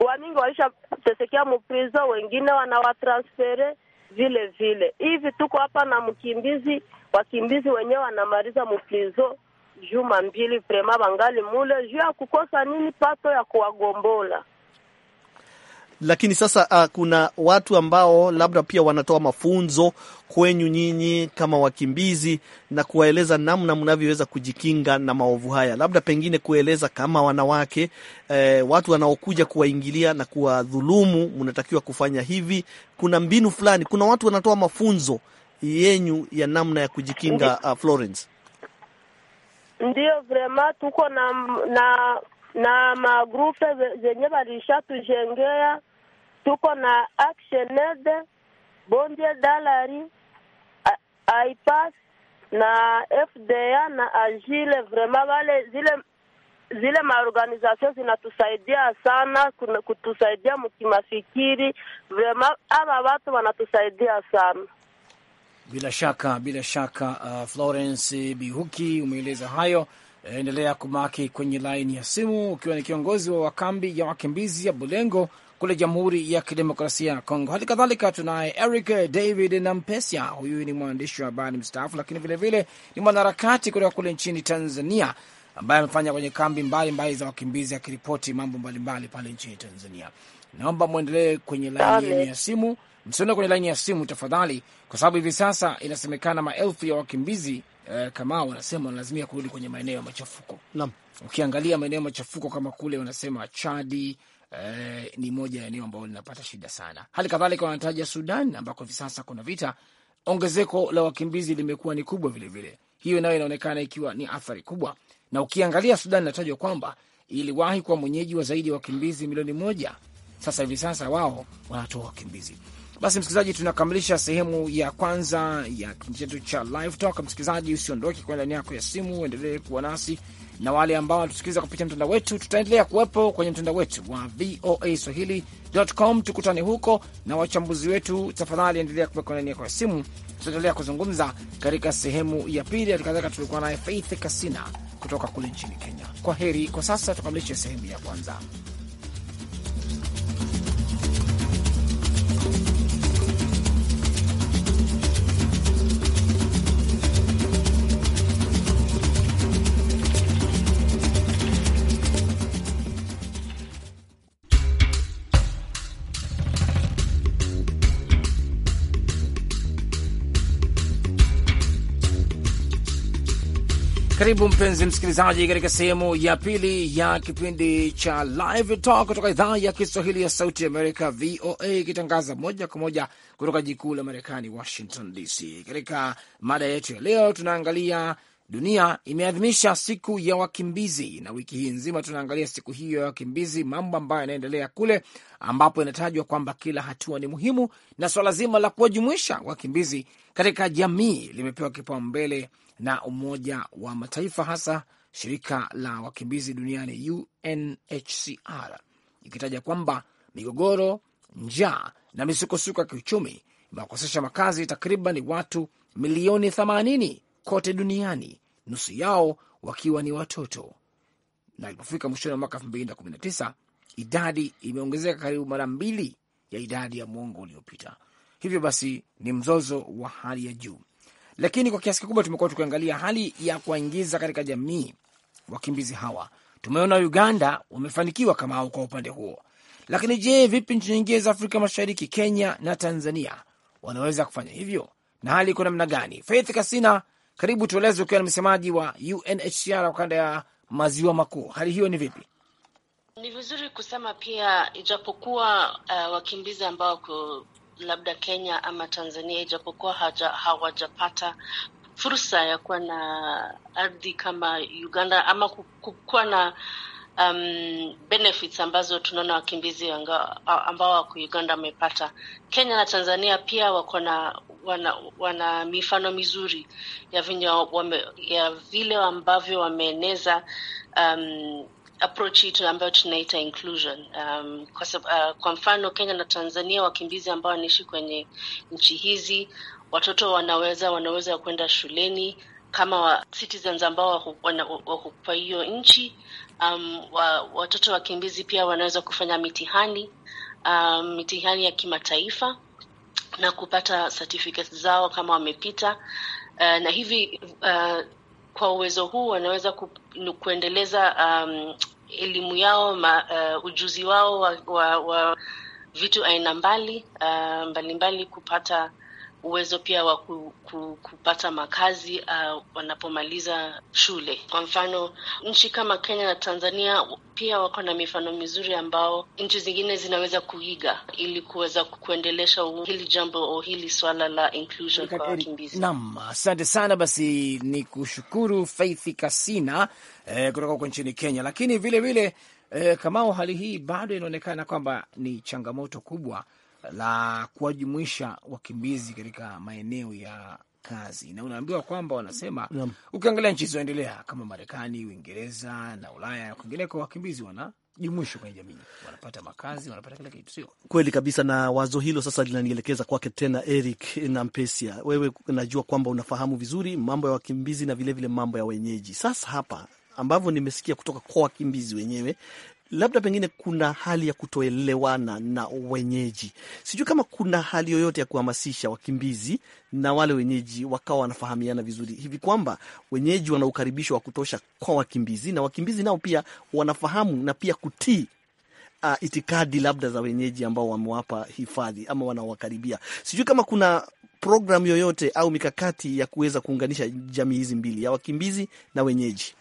wamingi walishatesekea muprizo, wengine wanawatransfere vile vile. Hivi tuko hapa na mkimbizi, wakimbizi wenyewe wanamaliza mprizo juma mbili, prema bangali mule juu ya kukosa nini pato ya kuwagombola
lakini sasa uh, kuna watu ambao labda pia wanatoa mafunzo kwenyu nyinyi kama wakimbizi na kuwaeleza namna mnavyoweza kujikinga na maovu haya, labda pengine kueleza kama wanawake eh, watu wanaokuja kuwaingilia na kuwadhulumu, mnatakiwa kufanya hivi. Kuna mbinu fulani, kuna watu wanatoa mafunzo yenyu ya namna ya kujikinga. Uh, Florence,
ndio vrema tuko na na na magrupe zenye walishatu tuko na Action Aid, Bondie Dalari, IPAS na FDA na Agile. Vraiment wale zile zile maorganizasio zinatusaidia sana kutusaidia mkimafikiri. Vraiment ama watu wanatusaidia sana.
Bila shaka bila shaka. Uh, Florence Bihuki umeeleza hayo. Endelea kubaki kwenye laini ya simu ukiwa ni kiongozi wa wakambi ya wakimbizi ya Bulengo kule Jamhuri ya Kidemokrasia ya Kongo. Hali kadhalika tunaye Eric David Nampesia, huyu ni mwandishi wa habari mstaafu, lakini vilevile vile ni mwanaharakati kutoka kule nchini Tanzania ambaye amefanya kwenye kambi mbalimbali mbali za wakimbizi akiripoti mambo mbalimbali pale nchini Tanzania. Naomba mwendelee kwenye laini yenu ya simu, msiende kwenye laini ya simu tafadhali, kwa sababu hivi sasa inasemekana maelfu ya wakimbizi eh, kama wanasema wanalazimia kurudi kwenye maeneo ya machafuko. Naam, ukiangalia maeneo ya machafuko kama kule wanasema Chadi eh, ni moja ya eneo ambalo linapata shida sana. Hali kadhalika wanataja Sudan ambako hivi sasa kuna vita, ongezeko la wakimbizi limekuwa ni kubwa vilevile vile. Hiyo nayo inaonekana ikiwa ni athari kubwa, na ukiangalia Sudan inatajwa kwamba iliwahi kuwa mwenyeji wa zaidi ya wakimbizi milioni moja. Sasa hivi sasa wao wanatoa wakimbizi basi msikilizaji, tunakamilisha sehemu ya kwanza ya kipindi chetu cha Live Talk. Msikilizaji, usiondoke kwa lani yako ya simu, endelee kuwa nasi na wale ambao wanatusikiliza kupitia mtandao wetu, tutaendelea kuwepo kwenye mtandao wetu wa VOA Swahili.com. Tukutane huko na wachambuzi wetu. Tafadhali endelea kwenye ndani yako ya simu, tutaendelea kuzungumza katika sehemu ya pili. Halikadhalika tulikuwa naye Faith Kasina kutoka kule nchini Kenya. Kwa heri kwa sasa, tukamilishe sehemu ya kwanza. Karibu mpenzi msikilizaji, katika sehemu ya pili ya kipindi cha Live Talk kutoka idhaa ya Kiswahili ya Sauti ya Amerika, VOA, ikitangaza moja kwa moja kutoka jikuu la Marekani, Washington DC. Katika mada yetu ya leo, tunaangalia dunia imeadhimisha siku ya wakimbizi, na wiki hii nzima tunaangalia siku hiyo ya wakimbizi, mambo ambayo yanaendelea kule, ambapo inatajwa kwamba kila hatua ni muhimu na swala zima la kuwajumuisha wakimbizi katika jamii limepewa kipaumbele na Umoja wa Mataifa, hasa shirika la wakimbizi duniani UNHCR, ikitaja kwamba migogoro, njaa na misukosuko ya kiuchumi imewakosesha makazi takriban watu milioni 80 kote duniani, nusu yao wakiwa ni watoto. Na ilipofika mwishoni wa mwaka 2019 idadi imeongezeka karibu mara mbili ya idadi ya mwongo uliopita. Hivyo basi ni mzozo wa hali ya juu lakini kwa kiasi kikubwa tumekuwa tukiangalia hali ya kuwaingiza katika jamii wakimbizi hawa. Tumeona Uganda wamefanikiwa kama au kwa upande huo, lakini je, vipi nchi nyingine za Afrika Mashariki, Kenya na Tanzania wanaweza kufanya hivyo na hali iko namna gani? Faith Kasina, karibu tueleze, ukiwa na msemaji wa UNHCR wa kanda ya maziwa makuu, hali hiyo ni vipi?
Ni vizuri kusema pia, ijapokuwa uh, wakimbizi ambao labda Kenya ama Tanzania, ijapokuwa hawajapata fursa ya kuwa na ardhi kama Uganda ama kuwa na um, benefits ambazo tunaona wakimbizi ambao wako Uganda wamepata. Kenya na Tanzania pia wako na wana, wana mifano mizuri ya, vinyo, wame, ya vile ambavyo wameeneza um, approach yetu ambayo tunaita inclusion um, kwa, sab, uh, kwa mfano Kenya na Tanzania, wakimbizi ambao wanaishi kwenye nchi hizi, watoto wanaweza wanaweza kwenda shuleni kama wa citizens ambao wako kwa hiyo nchi. Um, wa, watoto wakimbizi pia wanaweza kufanya mitihani um, mitihani ya kimataifa na kupata certificates zao kama wamepita. Uh, na hivi uh, kwa uwezo huu wanaweza ku, kuendeleza um, elimu yao ma, uh, ujuzi wao wa, wa, wa vitu aina mbali uh, mbalimbali kupata uwezo pia wa ku, ku, kupata makazi uh, wanapomaliza shule. Kwa mfano nchi kama Kenya na Tanzania pia wako na mifano mizuri ambao nchi zingine zinaweza kuiga ili kuweza kuendelesha hili jambo au hili swala la inclusion kwa wakimbizi.
Naam, asante sana. Basi ni kushukuru faithi Kasina eh, kutoka huko nchini Kenya, lakini vilevile vile, eh, kamao hali hii bado inaonekana kwamba ni changamoto kubwa la kuwajumuisha wakimbizi katika maeneo ya kazi, na unaambiwa kwamba wanasema Ukiangalia nchi zilizoendelea kama Marekani, Uingereza na Ulaya, ukiangalia wakimbizi wana jumuisho kwenye jamii, wanapata makazi, wanapata kila kitu.
Sio kweli kabisa, na wazo hilo sasa linanielekeza kwake tena, Eric na Mpesia, wewe najua kwamba unafahamu vizuri mambo ya wakimbizi na vilevile vile mambo ya wenyeji. Sasa hapa ambavyo nimesikia kutoka kwa wakimbizi wenyewe labda pengine kuna hali ya kutoelewana na wenyeji. Sijui kama kuna hali yoyote ya kuhamasisha wakimbizi na wale wenyeji wakawa wanafahamiana vizuri hivi kwamba wenyeji wana ukaribisho wa kutosha kwa wakimbizi na wakimbizi nao pia wanafahamu na pia kutii uh, itikadi labda za wenyeji ambao wamewapa hifadhi ama wanawakaribia. Sijui kama kuna programu yoyote au mikakati ya kuweza kuunganisha jamii hizi mbili ya wakimbizi na wenyeji.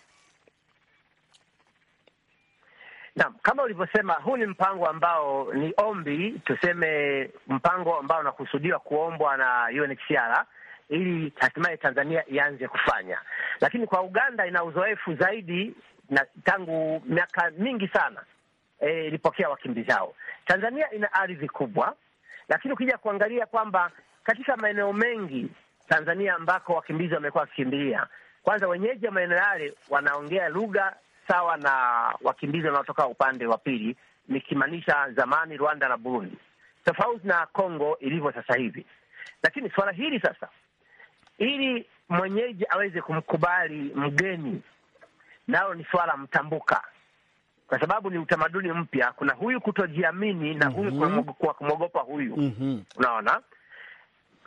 Naam, kama ulivyosema, huu ni mpango ambao ni ombi, tuseme mpango ambao unakusudiwa kuombwa na UNHCR ili hatimaye Tanzania ianze kufanya, lakini kwa Uganda ina uzoefu zaidi na tangu miaka mingi sana e, ilipokea e, wakimbizi hao. Tanzania ina ardhi kubwa, lakini ukija kuangalia kwamba katika maeneo mengi Tanzania ambako wakimbizi wamekuwa wakikimbilia, kwanza wenyeji wa maeneo yale wanaongea lugha sawa na wakimbizi wanaotoka upande wa pili, nikimaanisha zamani Rwanda na Burundi, tofauti na Kongo ilivyo sasa hivi. Lakini suala hili sasa, ili mwenyeji aweze kumkubali mgeni, nalo ni suala mtambuka, kwa sababu ni utamaduni mpya. Kuna huyu kutojiamini na huyu mm -hmm. kumwogopa huyu mm -hmm. unaona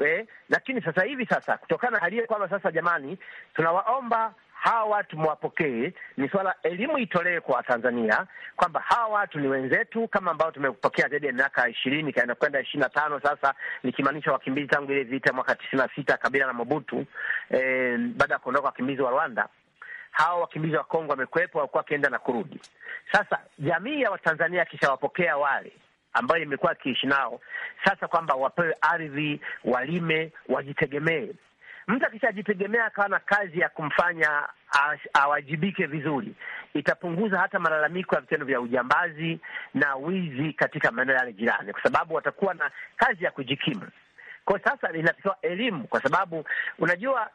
eh, lakini sasa hivi sasa kutokana na hali hiyo kwamba sasa, jamani, tunawaomba hawa watu mwapokee, ni swala elimu itolewe kwa Watanzania kwamba hawa watu ni wenzetu, kama ambao tumepokea zaidi ya miaka ishirini kaenda kwenda ishirini na tano sasa, nikimaanisha wakimbizi tangu ile vita mwaka tisini na sita Kabila na Mobutu eh, baada ya kuondoka wakimbizi wa Rwanda hawa wakimbizi wa Kongo wamekuwepo, walikuwa wakienda na kurudi. Sasa jamii ya Watanzania akishawapokea wale ambayo imekuwa akiishi nao sasa, kwamba wapewe ardhi, walime, wajitegemee. Mtu akishajitegemea akawa na kazi ya kumfanya awajibike vizuri, itapunguza hata malalamiko ya vitendo vya ujambazi na wizi katika maeneo yale jirani, kwa sababu watakuwa na kazi ya kujikimu. Kwa sasa inatoa elimu, kwa sababu unajua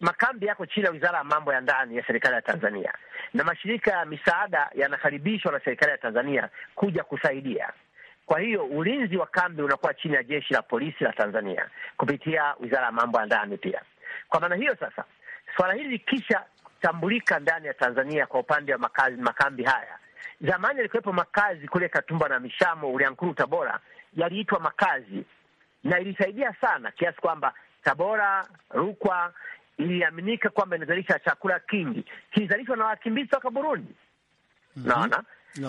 makambi yako chini ya Wizara ya Mambo ya Ndani ya serikali ya Tanzania, na mashirika ya misaada yanakaribishwa na serikali ya Tanzania kuja kusaidia. Kwa hiyo ulinzi wa kambi unakuwa chini ya jeshi la polisi la Tanzania kupitia wizara ya mambo ya ndani pia. Kwa maana hiyo sasa, swala hili tambulika ndani ya Tanzania kwa upande wa makazi, makambi haya zamani yalikuwepo makazi kule Katumba na Mishamo, Uliankuru, Tabora, yaliitwa makazi na ilisaidia sana kiasi kwamba Tabora, Rukwa iliaminika kwamba inazalisha chakula kingi kilizalishwa na wakimbizi toka Burundi. mm -hmm. Naona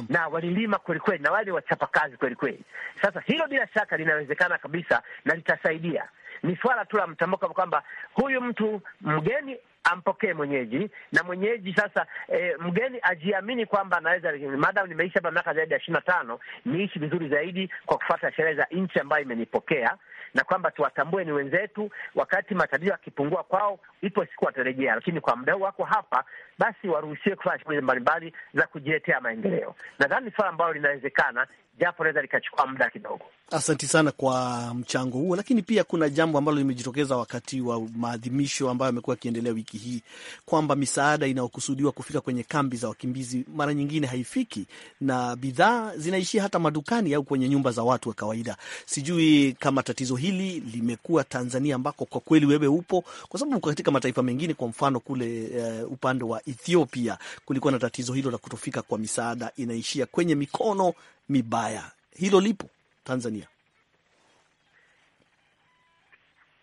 na walilima kweli kweli na wale wachapakazi kweli kweli. Sasa hilo bila shaka linawezekana kabisa na litasaidia. Ni swala tu la mtambuka kwamba huyu mtu mgeni ampokee mwenyeji na mwenyeji sasa, e, mgeni ajiamini kwamba anaweza, madam nimeisha hapa miaka zaidi ya ishirini na tano niishi vizuri zaidi kwa kufuata sherehe za nchi ambayo imenipokea na kwamba tuwatambue ni wenzetu. Wakati matatizo yakipungua kwao, ipo siku watarejea, lakini kwa muda wako hapa, basi waruhusiwe kufanya shughuli mbalimbali za kujiletea maendeleo. Nadhani swala ambalo linawezekana japo naweza likachukua muda
kidogo. Asanti sana kwa mchango huo, lakini pia kuna jambo ambalo limejitokeza wakati wa maadhimisho ambayo yamekuwa yakiendelea wiki hii kwamba misaada inayokusudiwa kufika kwenye kambi za wakimbizi mara nyingine haifiki na bidhaa zinaishia hata madukani au kwenye nyumba za watu wa kawaida. Sijui kama tatizo hili limekuwa Tanzania, ambako kwa kweli wewe upo, kwa sababu katika mataifa mengine, kwa mfano kule uh, upande wa Ethiopia kulikuwa na tatizo hilo la kutofika kwa misaada, inaishia kwenye mikono mibaya. Hilo lipo Tanzania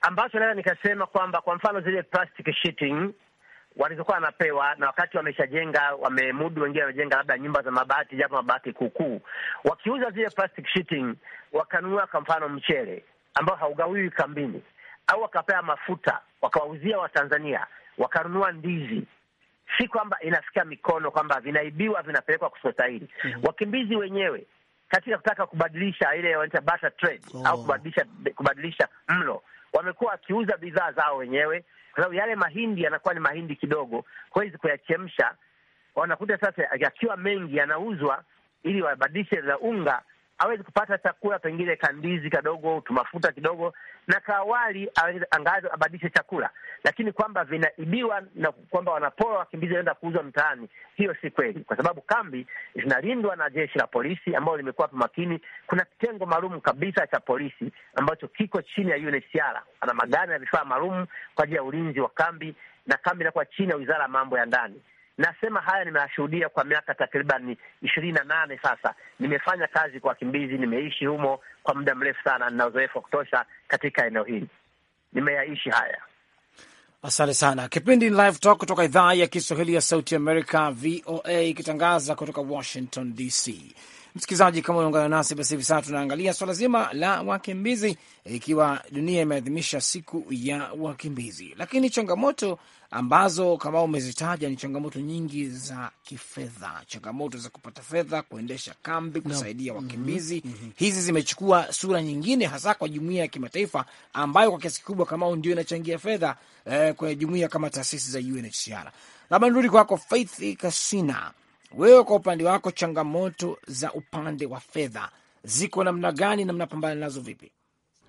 ambacho naweza nikasema kwamba
kwa mfano zile plastic sheeting walizokuwa wanapewa na wakati wameshajenga wamemudu, wengine wamejenga labda nyumba za mabati, japo mabati kuukuu, wakiuza zile plastic sheeting, wakanunua kwa mfano mchele ambao haugawiwi kambini, au wakapewa mafuta wakawauzia Watanzania, wakanunua ndizi si kwamba inafikia mikono kwamba vinaibiwa vinapelekwa kusotahili. mm -hmm. Wakimbizi wenyewe katika kutaka kubadilisha ile wanaita barter trade oh. au kubadilisha kubadilisha mlo, wamekuwa wakiuza bidhaa zao wenyewe, kwa sababu yale mahindi yanakuwa ni mahindi kidogo, huwezi kuyachemsha. Wanakuta sasa yakiwa mengi yanauzwa ili wabadilishe za unga awezi kupata chakula, pengine kandizi kadogo, tumafuta kidogo, na kawali angaze abadilishe chakula, lakini kwamba vinaibiwa na kwamba wanapoa wakimbizi wanaenda kuuzwa mtaani, hiyo si kweli, kwa sababu kambi zinalindwa na jeshi la polisi ambao limekuwa hapa makini. Kuna kitengo maalum kabisa cha polisi ambacho kiko chini ya UNHCR, ana magari na vifaa maalum kwa ajili ya ulinzi wa kambi, na kambi inakuwa chini ya wizara ya mambo ya ndani. Nasema haya nimeyashuhudia kwa miaka takriban ishirini na nane sasa. Nimefanya kazi kwa wakimbizi, nimeishi humo kwa muda mrefu sana, nina uzoefu wa kutosha katika eneo hili, nimeyaishi haya.
Asante sana. Kipindi Live Talk kutoka idhaa ya Kiswahili ya Sauti Amerika, VOA, ikitangaza kutoka Washington DC. Msikilizaji, kama unaungana nasi basi, hivi sasa tunaangalia swala so zima la wakimbizi, ikiwa dunia imeadhimisha siku ya wakimbizi. Lakini changamoto ambazo kama umezitaja ni changamoto nyingi za kifedha, changamoto za kupata fedha, kuendesha kambi, kusaidia mhm. wakimbizi mm -hmm. hizi zimechukua sura nyingine, hasa kwa jumuia ya kimataifa ambayo kwa kiasi kikubwa kama ndio inachangia fedha eh, kwenye jumuia kama taasisi za UNHCR. Labda nirudi kwako Faith Kasina wewe kwa upande wako, changamoto za upande wa fedha ziko namna gani na mnapambana nazo vipi?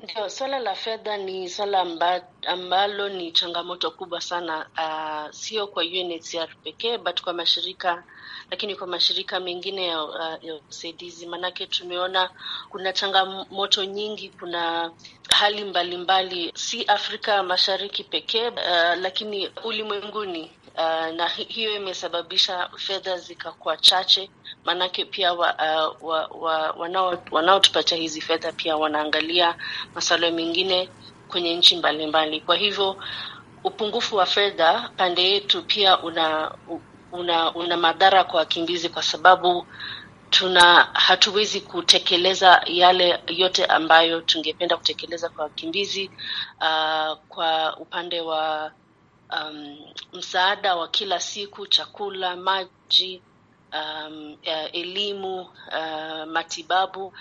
Ndio, swala la fedha ni swala amba, ambalo ni changamoto kubwa sana uh, sio kwa UNHCR pekee but kwa mashirika lakini kwa mashirika mengine ya, uh, ya usaidizi. Maanake tumeona kuna changamoto nyingi, kuna hali mbalimbali mbali, si Afrika Mashariki pekee uh, lakini ulimwenguni uh, na hiyo imesababisha fedha zikakuwa chache, maanake pia wa, uh, wa, wa, wanaotupatia wanao hizi fedha pia wanaangalia masuala mengine kwenye nchi mbalimbali. Kwa hivyo upungufu wa fedha pande yetu pia una, una, una madhara kwa wakimbizi kwa sababu tuna hatuwezi kutekeleza yale yote ambayo tungependa kutekeleza kwa wakimbizi uh, kwa upande wa um, msaada wa kila siku, chakula, maji, um, elimu, uh, matibabu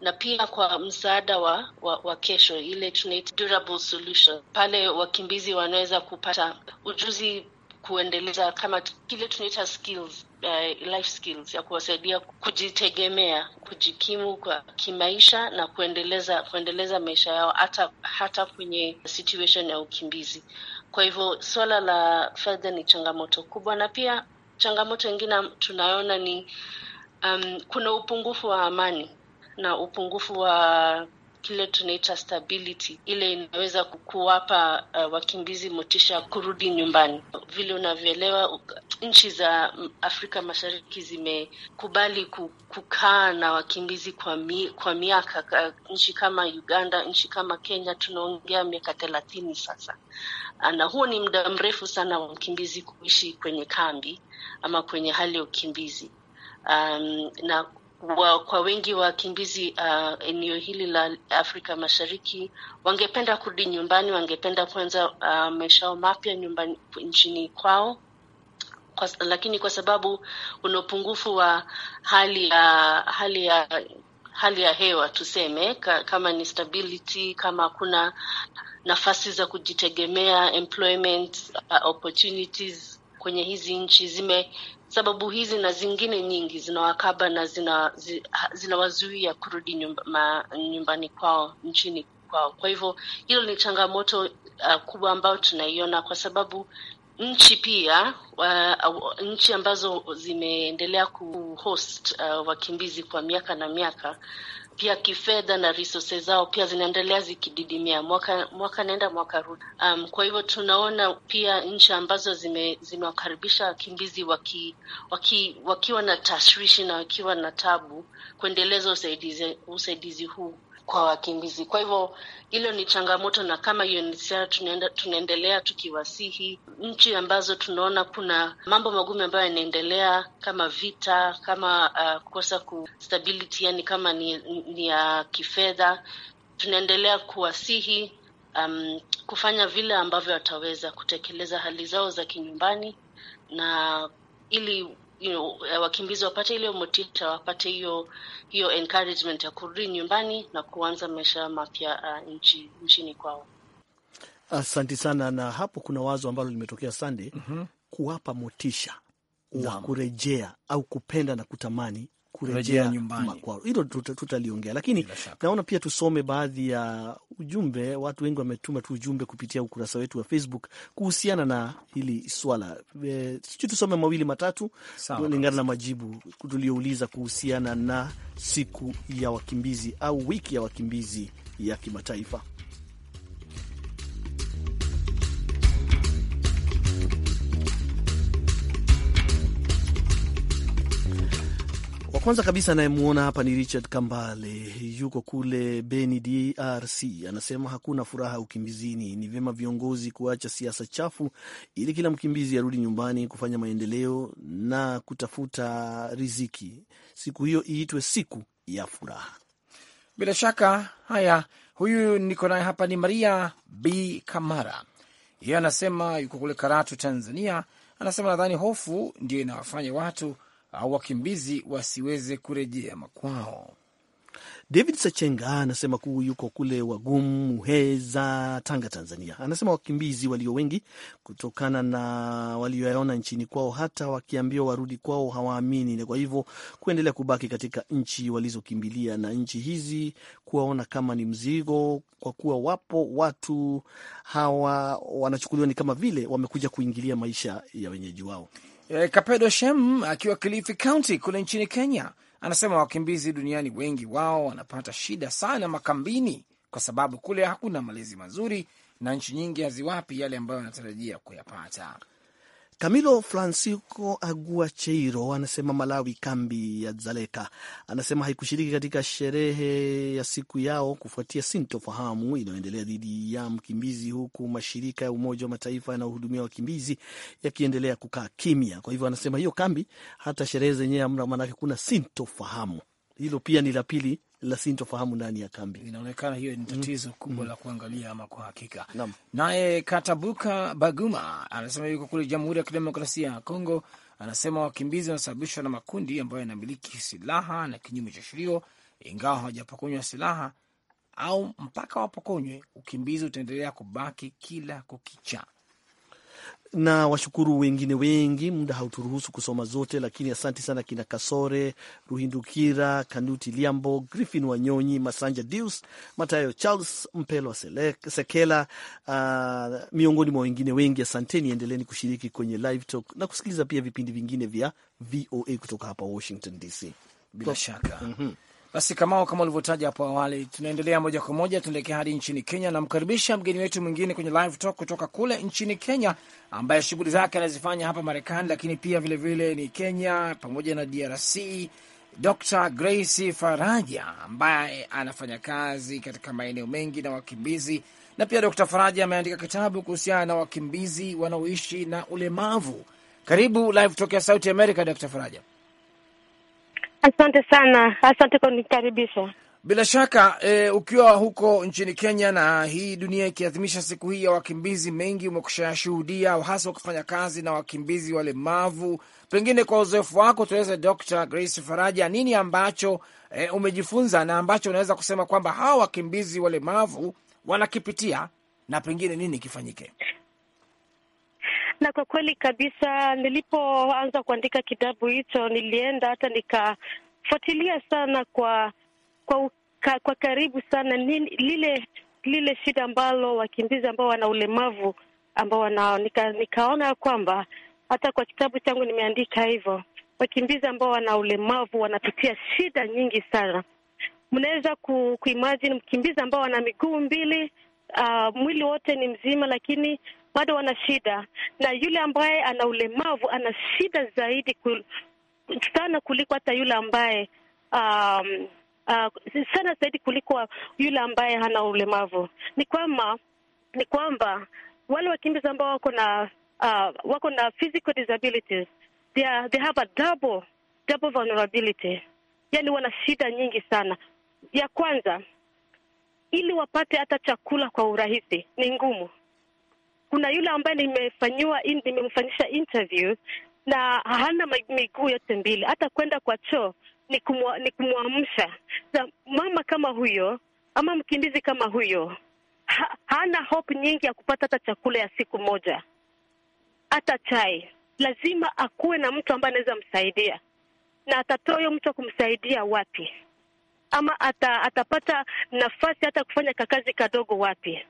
na pia kwa msaada wa, wa, wa kesho, ile tunaita durable solution. Pale wakimbizi wanaweza kupata ujuzi kuendeleza kama kile tunaita skills, uh, life skills ya kuwasaidia kujitegemea, kujikimu kwa kimaisha na kuendeleza kuendeleza maisha yao hata hata kwenye situation ya ukimbizi. Kwa hivyo swala la fedha ni changamoto kubwa, na pia changamoto ingine tunaona ni um, kuna upungufu wa amani na upungufu wa kile tunaita stability ile inaweza kuwapa uh, wakimbizi motisha kurudi nyumbani. Vile unavyoelewa, nchi za Afrika Mashariki zimekubali kukaa na wakimbizi kwa, mi, kwa miaka. Uh, nchi kama Uganda, nchi kama Kenya, tunaongea miaka thelathini sasa na huo ni muda mrefu sana wa mkimbizi kuishi kwenye kambi ama kwenye hali ya ukimbizi. Um, na wa, kwa wengi wa wakimbizi uh, eneo hili la Afrika Mashariki wangependa kurudi nyumbani, wangependa kuanza uh, maisha yao mapya nyumbani nchini kwao kwa, lakini kwa sababu kuna upungufu wa hali ya uh, hali ya uh, hali ya hewa tuseme ka, kama ni stability, kama kuna nafasi za kujitegemea employment uh, opportunities kwenye hizi nchi zime sababu hizi na zingine nyingi zinawakaba na zinawazuia zina kurudi nyumba, ma, nyumbani kwao nchini kwao. Kwa hivyo hilo ni changamoto uh, kubwa ambayo tunaiona kwa sababu nchi pia uh, uh, nchi ambazo zimeendelea kuhost uh, wakimbizi kwa miaka na miaka pia kifedha na resources zao pia zinaendelea zikididimia mwaka mwaka naenda mwaka rudi. Um, kwa hivyo tunaona pia nchi ambazo zime, zimewakaribisha wakimbizi waki, waki, wakiwa na tashwishi na wakiwa na tabu kuendeleza usaidizi, usaidizi huu kwa wakimbizi. Kwa hivyo hilo ni changamoto, na kama UNHCR tunaendelea tukiwasihi nchi ambazo tunaona kuna mambo magumu ambayo yanaendelea kama vita, kama uh, kukosa kustability, yani kama ni, ni ya kifedha, tunaendelea kuwasihi um, kufanya vile ambavyo wataweza kutekeleza hali zao za kinyumbani na ili you know, eh, wakimbizi wapate ile motisha, wapate hiyo hiyo encouragement ya kurudi nyumbani na kuanza maisha mapya uh, nchi, nchini kwao.
Asante sana. Na hapo kuna wazo ambalo limetokea Sunday, mm -hmm. kuwapa motisha wa kurejea au kupenda na kutamani kurejea nyumbani kwao. Hilo tutaliongea, lakini naona pia tusome baadhi ya ujumbe. Watu wengi wametuma tu ujumbe kupitia ukurasa wetu wa Facebook kuhusiana na hili swala e, sijui tusome mawili matatu kulingana na majibu tuliouliza kuhusiana na siku ya wakimbizi au wiki ya wakimbizi ya kimataifa. Kwanza kabisa anayemwona hapa ni Richard Kambale, yuko kule Beni, DRC. Anasema hakuna furaha ukimbizini, ni vyema viongozi kuacha siasa chafu ili kila mkimbizi arudi nyumbani kufanya maendeleo na kutafuta riziki. Siku hiyo iitwe siku ya furaha.
Bila shaka. Haya, huyu niko naye hapa ni Maria B Kamara, yeye anasema yuko kule Karatu, Tanzania. Anasema nadhani hofu ndio inawafanya watu au wakimbizi wasiweze kurejea
makwao. David Sechenga anasema kuu yuko kule wagum Muheza, Tanga, Tanzania. Anasema wakimbizi walio wengi kutokana na walioyaona nchini kwao, hata wakiambiwa warudi kwao hawaamini, na kwa hivyo kuendelea kubaki katika nchi walizokimbilia na nchi hizi kuwaona kama ni mzigo, kwa kuwa wapo watu hawa wanachukuliwa ni kama vile wamekuja kuingilia maisha ya wenyeji wao.
E, Kapedo Shem akiwa Kilifi County kule nchini Kenya anasema wakimbizi duniani wengi wao wanapata shida sana makambini, kwa sababu kule hakuna malezi mazuri na nchi nyingi haziwapi yale ambayo wanatarajia kuyapata.
Camilo Francisco Aguacheiro anasema Malawi, kambi ya Dzaleka, anasema haikushiriki katika sherehe ya siku yao kufuatia sintofahamu inayoendelea dhidi ya mkimbizi, huku mashirika ya Umoja wa Mataifa yanayohudumia wakimbizi yakiendelea kukaa kimya. Kwa hivyo anasema hiyo kambi, hata sherehe zenyewe hamna, maanake kuna sintofahamu. Hilo pia ni la pili la sintofahamu ndani ya kambi.
Inaonekana hiyo ni mm. tatizo mm. kubwa mm. la kuangalia ama kwa hakika.
Naye Katabuka
Baguma anasema yuko kule Jamhuri ya Kidemokrasia ya Kongo, anasema wakimbizi wanasababishwa na makundi ambayo yanamiliki silaha na kinyume cha shirio, ingawa hawajapokonywa silaha au mpaka wapokonywe, ukimbizi utaendelea kubaki kila kukicha
na washukuru wengine wengi, muda hauturuhusu kusoma zote, lakini asante sana kina Kasore Ruhindukira, Kanuti Liambo, Griffin Wanyonyi, Masanja Deus Matayo, Charles Mpelwa Sekela, uh, miongoni mwa wengine wengi. Asanteni, endeleni kushiriki kwenye live talk na kusikiliza pia vipindi vingine vya VOA kutoka hapa Washington DC, bila shaka mm -hmm.
Basi Kamao, kama ulivyotaja hapo awali, tunaendelea moja kwa moja, tunaelekea hadi nchini Kenya. Namkaribisha mgeni wetu mwingine kwenye live talk kutoka kule nchini Kenya, ambaye shughuli zake anazifanya hapa Marekani, lakini pia vilevile vile ni Kenya pamoja na DRC. Dr Grace Faraja ambaye anafanya kazi katika maeneo mengi na wakimbizi, na pia Dr Faraja ameandika kitabu kuhusiana na wakimbizi wanaoishi na ulemavu. Karibu live talk ya Sauti America, Dr Faraja.
Asante sana, asante kwa kunikaribisha.
Bila shaka e, ukiwa huko nchini Kenya na hii dunia ikiadhimisha siku hii ya wakimbizi, mengi umekushashuhudia, hasa ukifanya kazi na wakimbizi walemavu. Pengine kwa uzoefu wako tueleze, Dr. Grace Faraja, nini ambacho e, umejifunza na ambacho unaweza kusema kwamba hawa wakimbizi walemavu wanakipitia na pengine nini kifanyike?
na kwa kweli kabisa, nilipoanza kuandika kitabu hicho, nilienda hata nikafuatilia sana kwa kwa, ka, kwa karibu sana nini, lile lile shida ambalo wakimbizi ambao wana ulemavu ambao wanao, nika, nikaona kwamba hata kwa kitabu changu nimeandika hivyo, wakimbizi ambao wana ulemavu wanapitia shida nyingi sana. Mnaweza ku, kuimagine mkimbizi ambao wana miguu mbili, uh, mwili wote ni mzima, lakini bado wana shida, na yule ambaye ana ulemavu ana shida zaidi sana kuliko hata yule ambaye um, uh, sana zaidi kuliko yule ambaye hana ulemavu. Ni kwamba ni kwamba wale wakimbizi ambao wako na uh, wako na physical disabilities they, are, they have a double double vulnerability, yani wana shida nyingi sana. Ya kwanza, ili wapate hata chakula kwa urahisi ni ngumu kuna yule ambaye nimefanyiwa in, nimemfanyisha interview na hana miguu yote mbili, hata kwenda kwa choo ni kumwamsha. Sasa mama kama huyo ama mkimbizi kama huyo ha, hana hope nyingi ya kupata hata chakula ya siku moja, hata chai. Lazima akuwe na mtu ambaye anaweza msaidia, na atatoa huyo mtu akumsaidia wapi? Ama ata, atapata nafasi hata kufanya kakazi kadogo wapi?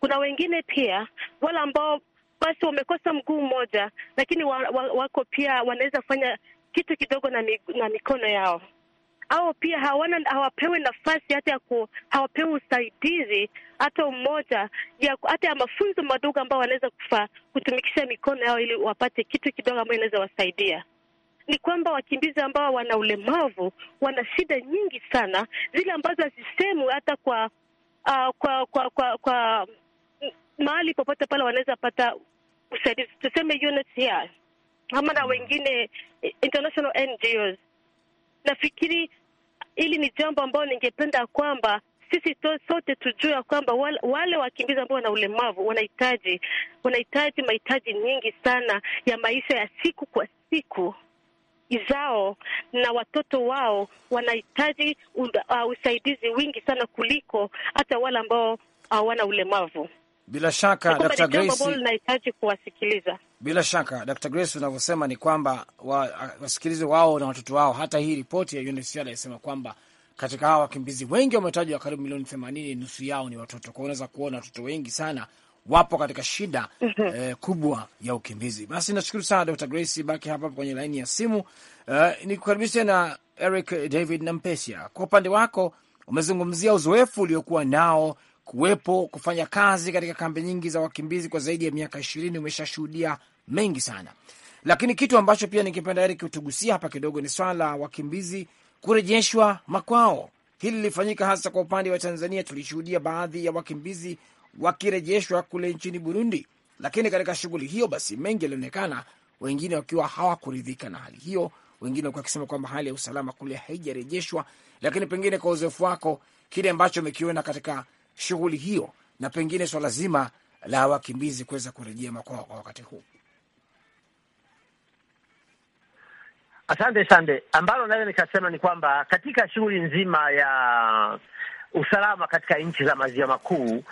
Kuna wengine pia wale ambao basi wamekosa mguu mmoja, lakini wa, wa, wako pia wanaweza fanya kitu kidogo na, mi, na mikono yao au pia hawana hawapewi nafasi hata ya ku, hawapewi usaidizi hata mmoja ya hata ya mafunzo madogo ambao wanaweza kufa kutumikisha mikono yao ili wapate kitu kidogo ambayo inaweza wasaidia. Ni kwamba wakimbizi ambao wana ulemavu wana shida nyingi sana, zile ambazo hazisemwi hata kwa, uh, kwa, kwa, kwa, kwa mahali popote pale wanaweza pata usaidizi, tuseme UNHCR ama na mm. wengine international NGOs. Nafikiri hili ni jambo ambayo ningependa kwamba sisi sote tujue ya kwamba wale, wale wakimbizi ambao wana ulemavu wanahitaji wanahitaji mahitaji nyingi sana ya maisha ya siku kwa siku zao na watoto wao wanahitaji uh, usaidizi wingi sana kuliko hata wale ambao hawana uh, ulemavu.
Bila shaka Dr. Grace, Bila shaka Dr. Grace, unavyosema ni kwamba wasikilizi wao na watoto wao. Hata hii ripoti ya UNHCR inasema kwamba katika hawa wakimbizi wengi wametajwa, karibu milioni themanini, nusu yao ni watoto. Kwa unaweza kuona watoto wengi sana wapo katika shida mhm. eh, kubwa ya ukimbizi. Basi nashukuru sana Dr. Grace, baki hapa kwenye laini ya simu. Eh, nikukaribishe na Eric David Nampesia, kwa upande wako umezungumzia uzoefu uliokuwa nao kuwepo kufanya kazi katika kambi nyingi za wakimbizi kwa zaidi ya miaka ishirini, umeshashuhudia mengi sana, lakini kitu ambacho pia nikipenda Eric utugusia hapa kidogo ni swala la wakimbizi kurejeshwa makwao. Hili lilifanyika hasa kwa upande wa Tanzania, tulishuhudia baadhi ya wakimbizi wakirejeshwa kule nchini Burundi, lakini katika shughuli hiyo basi mengi yalionekana, wengine wakiwa hawakuridhika na hali hiyo, wengine wakiwa wakisema kwamba hali ya usalama kule haijarejeshwa. Lakini pengine kwa uzoefu wako, kile ambacho umekiona katika shughuli hiyo na pengine swala zima la wakimbizi kuweza kurejea makwao kwa wakati huu?
Asante sande. Ambalo naweza nikasema ni kwamba katika shughuli nzima ya usalama katika nchi za maziwa makuu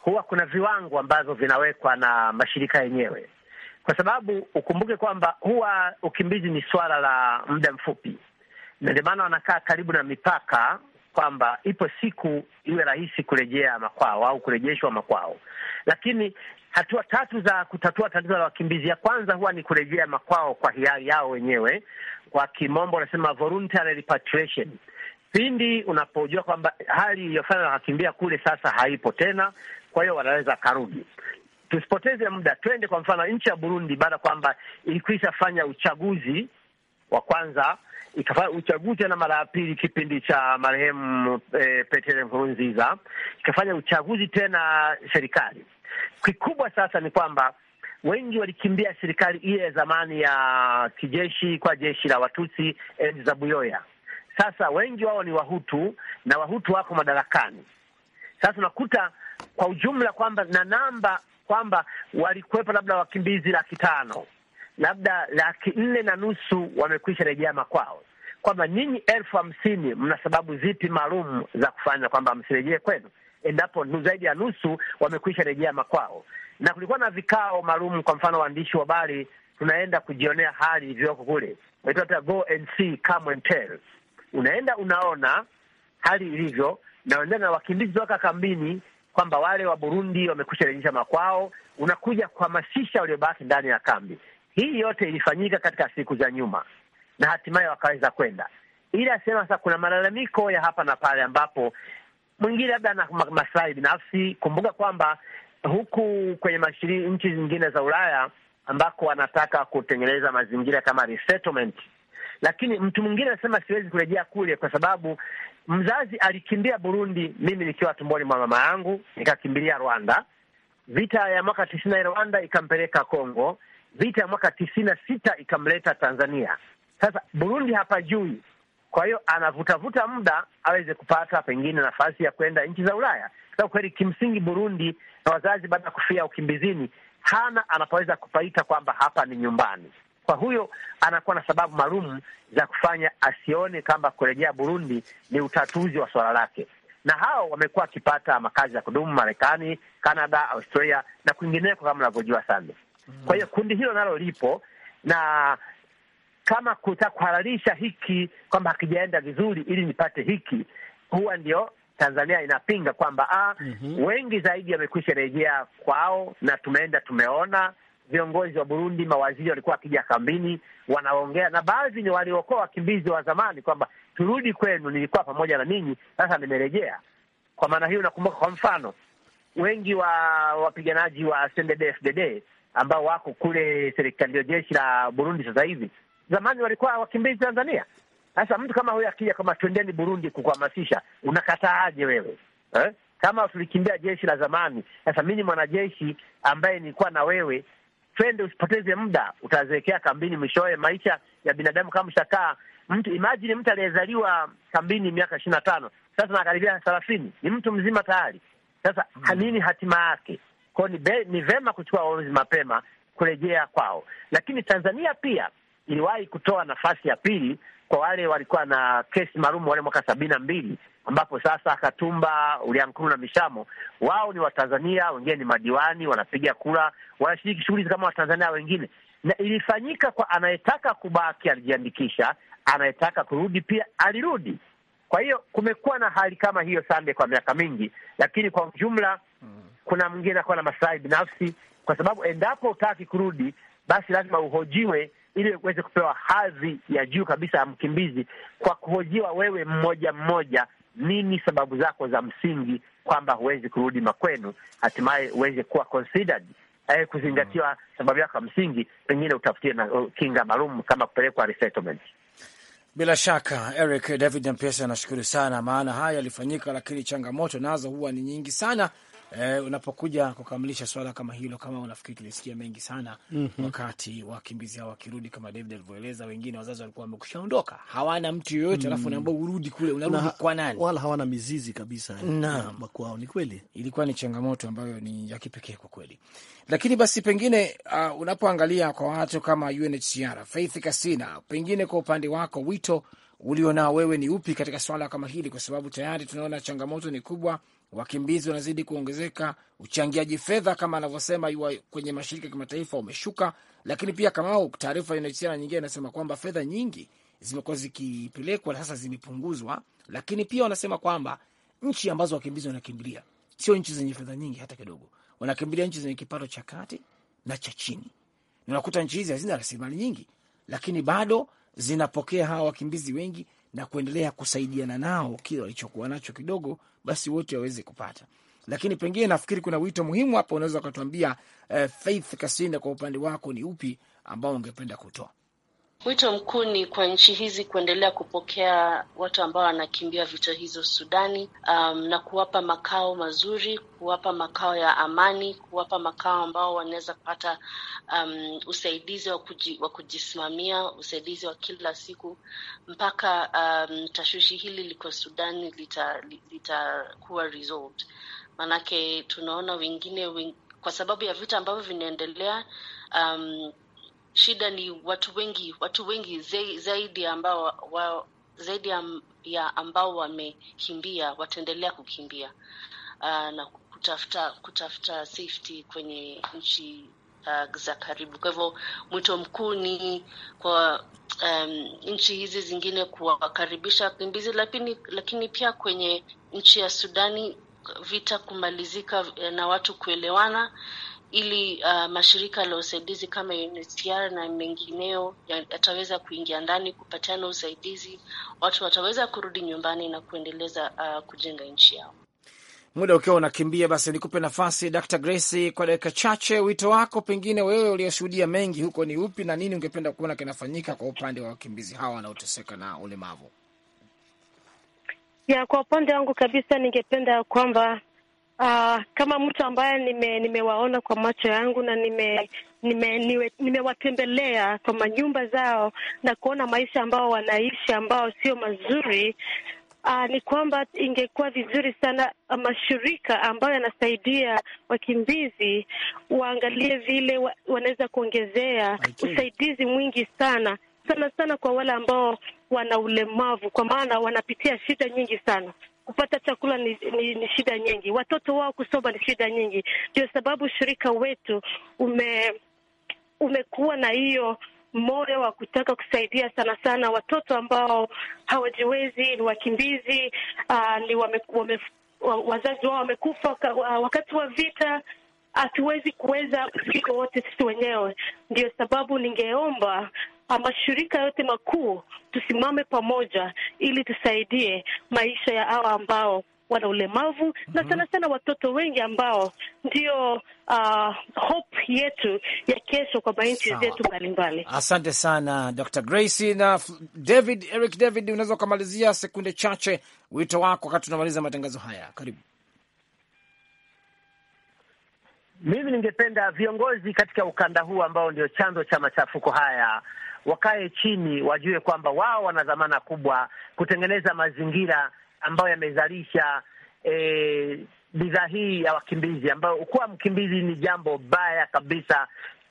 huwa kuna viwango ambavyo vinawekwa na mashirika yenyewe, kwa sababu ukumbuke kwamba huwa ukimbizi ni swala la muda mfupi, na ndio maana wanakaa karibu na mipaka kwamba ipo siku iwe rahisi kurejea makwao au kurejeshwa makwao. Lakini hatua tatu za kutatua tatizo la wakimbizi, ya kwanza huwa ni kurejea makwao kwa hiari yao wenyewe, kwa kimombo wanasema voluntary repatriation. Pindi unapojua kwamba hali iliyofanya wakakimbia kule sasa haipo tena, kwa hiyo wanaweza karudi. Tusipoteze muda, twende kwa mfano nchi ya Burundi, baada kwamba ilikwisha fanya uchaguzi wa kwanza ikafanya uchaguzi na mara ya pili kipindi cha marehemu e, eh, Petere Nkurunziza, ikafanya uchaguzi tena serikali. Kikubwa sasa ni kwamba wengi walikimbia serikali ile ya zamani ya kijeshi kwa jeshi la Watusi enzi za Buyoya. Sasa wengi wao ni Wahutu na Wahutu wako madarakani sasa. Unakuta kwa ujumla kwamba na namba kwamba walikuwepo labda wakimbizi laki tano labda laki nne na nusu wamekwisha rejea makwao, kwamba ninyi elfu hamsini mna sababu zipi maalum za kufanya kwamba msirejee kwenu, endapo zaidi ya nusu wamekwisha rejea makwao. Na kulikuwa na vikao maalum, kwa mfano waandishi wa habari tunaenda kujionea hali ilivyoko kule, go and see, come and tell. Unaenda unaona hali ilivyo, na unaenda na wakimbizi toka kambini kwamba wale wa Burundi wamekwisha rejesha makwao, unakuja kuhamasisha waliobaki ndani ya kambi. Hii yote ilifanyika katika siku za nyuma na hatimaye wakaweza kwenda, ili asema sasa kuna malalamiko ya hapa na pale, ambapo mwingine labda na maslahi binafsi. Kumbuka kwamba huku kwenye mashiri, nchi zingine za Ulaya ambako wanataka kutengeneza mazingira kama resettlement, lakini mtu mwingine anasema siwezi kurejea kule kwa sababu mzazi alikimbia Burundi, mimi nikiwa tumboni mwa mama yangu, nikakimbilia Rwanda. Vita ya mwaka tisini na Rwanda ikampeleka Kongo vita ya mwaka tisini na sita ikamleta Tanzania. Sasa Burundi hapa jui, kwa hiyo anavutavuta muda aweze kupata pengine nafasi ya kwenda nchi za Ulaya, kwa kweli kimsingi Burundi na wazazi baada ya kufia ukimbizini hana anapoweza kupaita kwamba hapa ni nyumbani. Kwa huyo anakuwa na sababu maalum za kufanya asione kwamba kurejea Burundi ni utatuzi wa swala lake, na hao wamekuwa wakipata makazi ya kudumu Marekani, Canada, Australia na kwingineko, kama unavyojua sana. Mm. Kwa hiyo kundi hilo nalo lipo na kama kutakuhalalisha kuhalalisha hiki kwamba hakijaenda vizuri ili nipate hiki, huwa ndio Tanzania inapinga kwamba ah, mm -hmm. wengi zaidi wamekwisha rejea kwao na tumeenda tumeona viongozi wa Burundi, mawaziri walikuwa wakija kambini, wanaongea na baadhi ni waliokoa wakimbizi wa zamani kwamba turudi kwenu, nilikuwa pamoja na ninyi, sasa nimerejea. Kwa maana hiyo, nakumbuka kwa mfano wengi wa wapiganaji wa CNDD-FDD ambao wako kule serikali, ya jeshi la Burundi sasa hivi. Zamani walikuwa wakimbizi Tanzania. Sasa mtu kama huyo akija kama twendeni Burundi kukuhamasisha, unakataaje wewe eh? Kama tulikimbia jeshi la zamani, sasa mi ni mwanajeshi ambaye nilikuwa na wewe, twende, usipoteze muda, utazeekea kambini, mwishowe maisha ya binadamu kama mshakaa mtu. Imagine mtu aliyezaliwa kambini miaka ishirini na tano sasa nakaribia thelathini, ni mtu mzima tayari. Sasa hmm, nini hatima yake? kwao ni, ni vema kuchukua uamuzi mapema kurejea kwao. Lakini Tanzania pia iliwahi kutoa nafasi ya pili kwa wale walikuwa na kesi maalum wale mwaka sabini na mbili ambapo sasa Katumba, Uliankuru na Mishamo wao ni Watanzania, wengine ni madiwani, wanapiga kura, wanashiriki shughuli kama Watanzania wengine, na ilifanyika kwa anayetaka kubaki alijiandikisha, anayetaka kurudi pia alirudi. Kwa hiyo kumekuwa na hali kama hiyo sande kwa miaka mingi, lakini kwa ujumla mm kuna mwingine akuwa na maslahi binafsi, kwa sababu endapo utaki kurudi, basi lazima uhojiwe ili uweze kupewa hadhi ya juu kabisa ya mkimbizi, kwa kuhojiwa wewe mmoja mmoja, nini sababu zako za msingi kwamba huwezi kurudi makwenu, hatimaye uweze kuwa considered eh, kuzingatiwa sababu yako ya msingi, pengine utafutie na uh, kinga maalum kama kupelekwa resettlement.
Bila shaka Eric David Mpesa, nashukuru sana, maana haya yalifanyika, lakini changamoto nazo huwa ni nyingi sana eh, unapokuja kukamilisha swala kama hilo, kama unafikiri tulisikia mengi sana mm -hmm. wakati wakimbizi hao wakirudi, kama David alivyoeleza, wengine wazazi walikuwa wamekushaondoka,
hawana mtu yoyote, mm. alafu mm. unaambia urudi kule, unarudi na, kwa nani? Wala hawana mizizi
kabisa eh, na kwao. Ni kweli ilikuwa ni changamoto ambayo ni ya kipekee kwa kweli, lakini basi pengine uh, unapoangalia kwa watu kama UNHCR, Faith Kasina, pengine kwa upande wako wito ulionao wewe ni upi katika swala kama hili, kwa sababu tayari tunaona changamoto ni kubwa wakimbizi wanazidi kuongezeka, uchangiaji fedha kama anavyosema kwenye mashirika ya kimataifa umeshuka, lakini pia kama taarifa inahusiana nyingine inasema kwamba fedha nyingi zimekuwa zikipelekwa na sasa zimepunguzwa, lakini pia wanasema kwamba nchi ambazo wakimbizi wanakimbilia sio nchi zenye fedha nyingi hata kidogo, wanakimbilia nchi zenye kipato cha kati na cha chini. Unakuta nchi hizi hazina rasilimali nyingi, lakini bado zinapokea hawa wakimbizi wengi na kuendelea kusaidiana nao kile walichokuwa nacho kidogo basi wote waweze kupata. Lakini pengine nafikiri kuna wito muhimu hapa, unaweza ukatuambia eh, Faith kasinda kwa upande wako ni upi ambao ungependa kutoa?
Wito mkuu ni kwa nchi hizi kuendelea kupokea watu ambao wanakimbia vita hizo Sudani, um, na kuwapa makao mazuri, kuwapa makao ya amani, kuwapa makao ambao wanaweza kupata um, usaidizi wa kuji, wa kujisimamia, usaidizi wa kila siku mpaka um, tashwishi hili liko Sudani litakuwa lita resolved. Maanake tunaona wengine wing, kwa sababu ya vita ambavyo vinaendelea um, shida ni watu wengi, watu wengi zaidi ambao wa, zaidi ya ambao wamekimbia wataendelea kukimbia uh, na kutafuta kutafuta safety kwenye nchi uh, za karibu. Kwa hivyo mwito mkuu ni kwa um, nchi hizi zingine kuwakaribisha wakimbizi, lakini lakini pia kwenye nchi ya Sudani vita kumalizika eh, na watu kuelewana ili uh, mashirika la usaidizi kama UNHCR na mengineo yataweza kuingia ndani kupatiana usaidizi, watu wataweza kurudi nyumbani na kuendeleza uh, kujenga nchi
yao. Muda ukiwa unakimbia, basi nikupe nafasi Dr. Grace kwa dakika chache. Wito wako pengine wewe uliyoshuhudia mengi huko ni upi, na nini ungependa kuona kinafanyika kwa upande wa wakimbizi hawa wanaoteseka na ulemavu?
Ya, kwa upande wangu kabisa ningependa kwamba Uh, kama mtu ambaye nime, nimewaona kwa macho yangu na nime nimewatembelea nime kwa manyumba zao na kuona maisha ambao wanaishi ambao sio mazuri. Uh, ni kwamba ingekuwa vizuri sana ah, mashirika ambayo yanasaidia wakimbizi waangalie vile wa, wanaweza kuongezea usaidizi mwingi sana sana sana kwa wale ambao wana ulemavu, kwa maana wanapitia shida nyingi sana kupata chakula ni, ni, ni shida nyingi, watoto wao kusoma ni shida nyingi. Ndio sababu shirika wetu ume, umekuwa na hiyo moyo wa kutaka kusaidia sana sana watoto ambao hawajiwezi, ni wakimbizi uh, ni wame, wame, wazazi wao wamekufa wakati wa vita. Hatuwezi kuweza iko wote sisi wenyewe, ndio sababu ningeomba mashirika yote makuu tusimame pamoja, ili tusaidie maisha ya hawa ambao wana ulemavu mm -hmm. na mhm. sana sana watoto wengi ambao ndio uh, hope yetu ya kesho kwa manchi zetu mbalimbali.
Asante sana Dr. Grace na David Eric. David, unaweza ukamalizia sekunde chache wito wako wakati tunamaliza matangazo haya, karibu. Mimi ningependa viongozi
katika ukanda huu ambao ndio chanzo cha machafuko haya wakae chini, wajue kwamba wao wana dhamana kubwa kutengeneza mazingira ambayo yamezalisha e, bidhaa hii ya wakimbizi ambayo kuwa mkimbizi ni jambo baya kabisa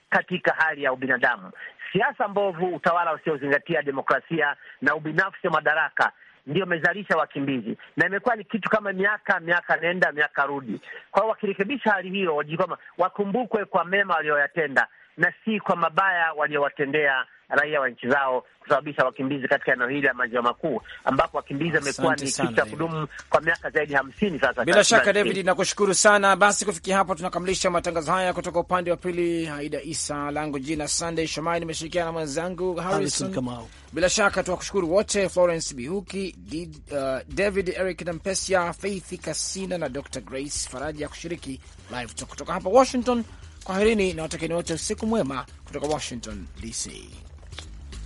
katika hali ya ubinadamu. Siasa mbovu, utawala usiozingatia demokrasia na ubinafsi wa madaraka ndio imezalisha wakimbizi, na imekuwa ni kitu kama miaka miaka nenda miaka rudi. Kwa hiyo wakirekebisha hali hiyo, wajikwama, wakumbukwe kwa mema walioyatenda na si kwa mabaya waliowatendea raia wa nchi zao kusababisha wakimbizi katika eneo hili la maziwa makuu, ambapo wakimbizi wamekuwa ni kitu cha kudumu kwa miaka zaidi hamsini sasa.
Bila shaka David,
nakushukuru sana. Basi kufikia hapa, tunakamilisha matangazo haya kutoka upande wa pili. Aida Isa langu jina Sunday Shomai, nimeshirikiana na mwenzangu Harrison Kamau. Bila shaka tuwakushukuru wote Florence Bihuki, Did, uh, David Eric Nampesia, Faith Kasina na Dr Grace Faraja kushiriki live talk kutoka hapa Washington. Kwaherini na watakeni wote usiku mwema kutoka Washington DC.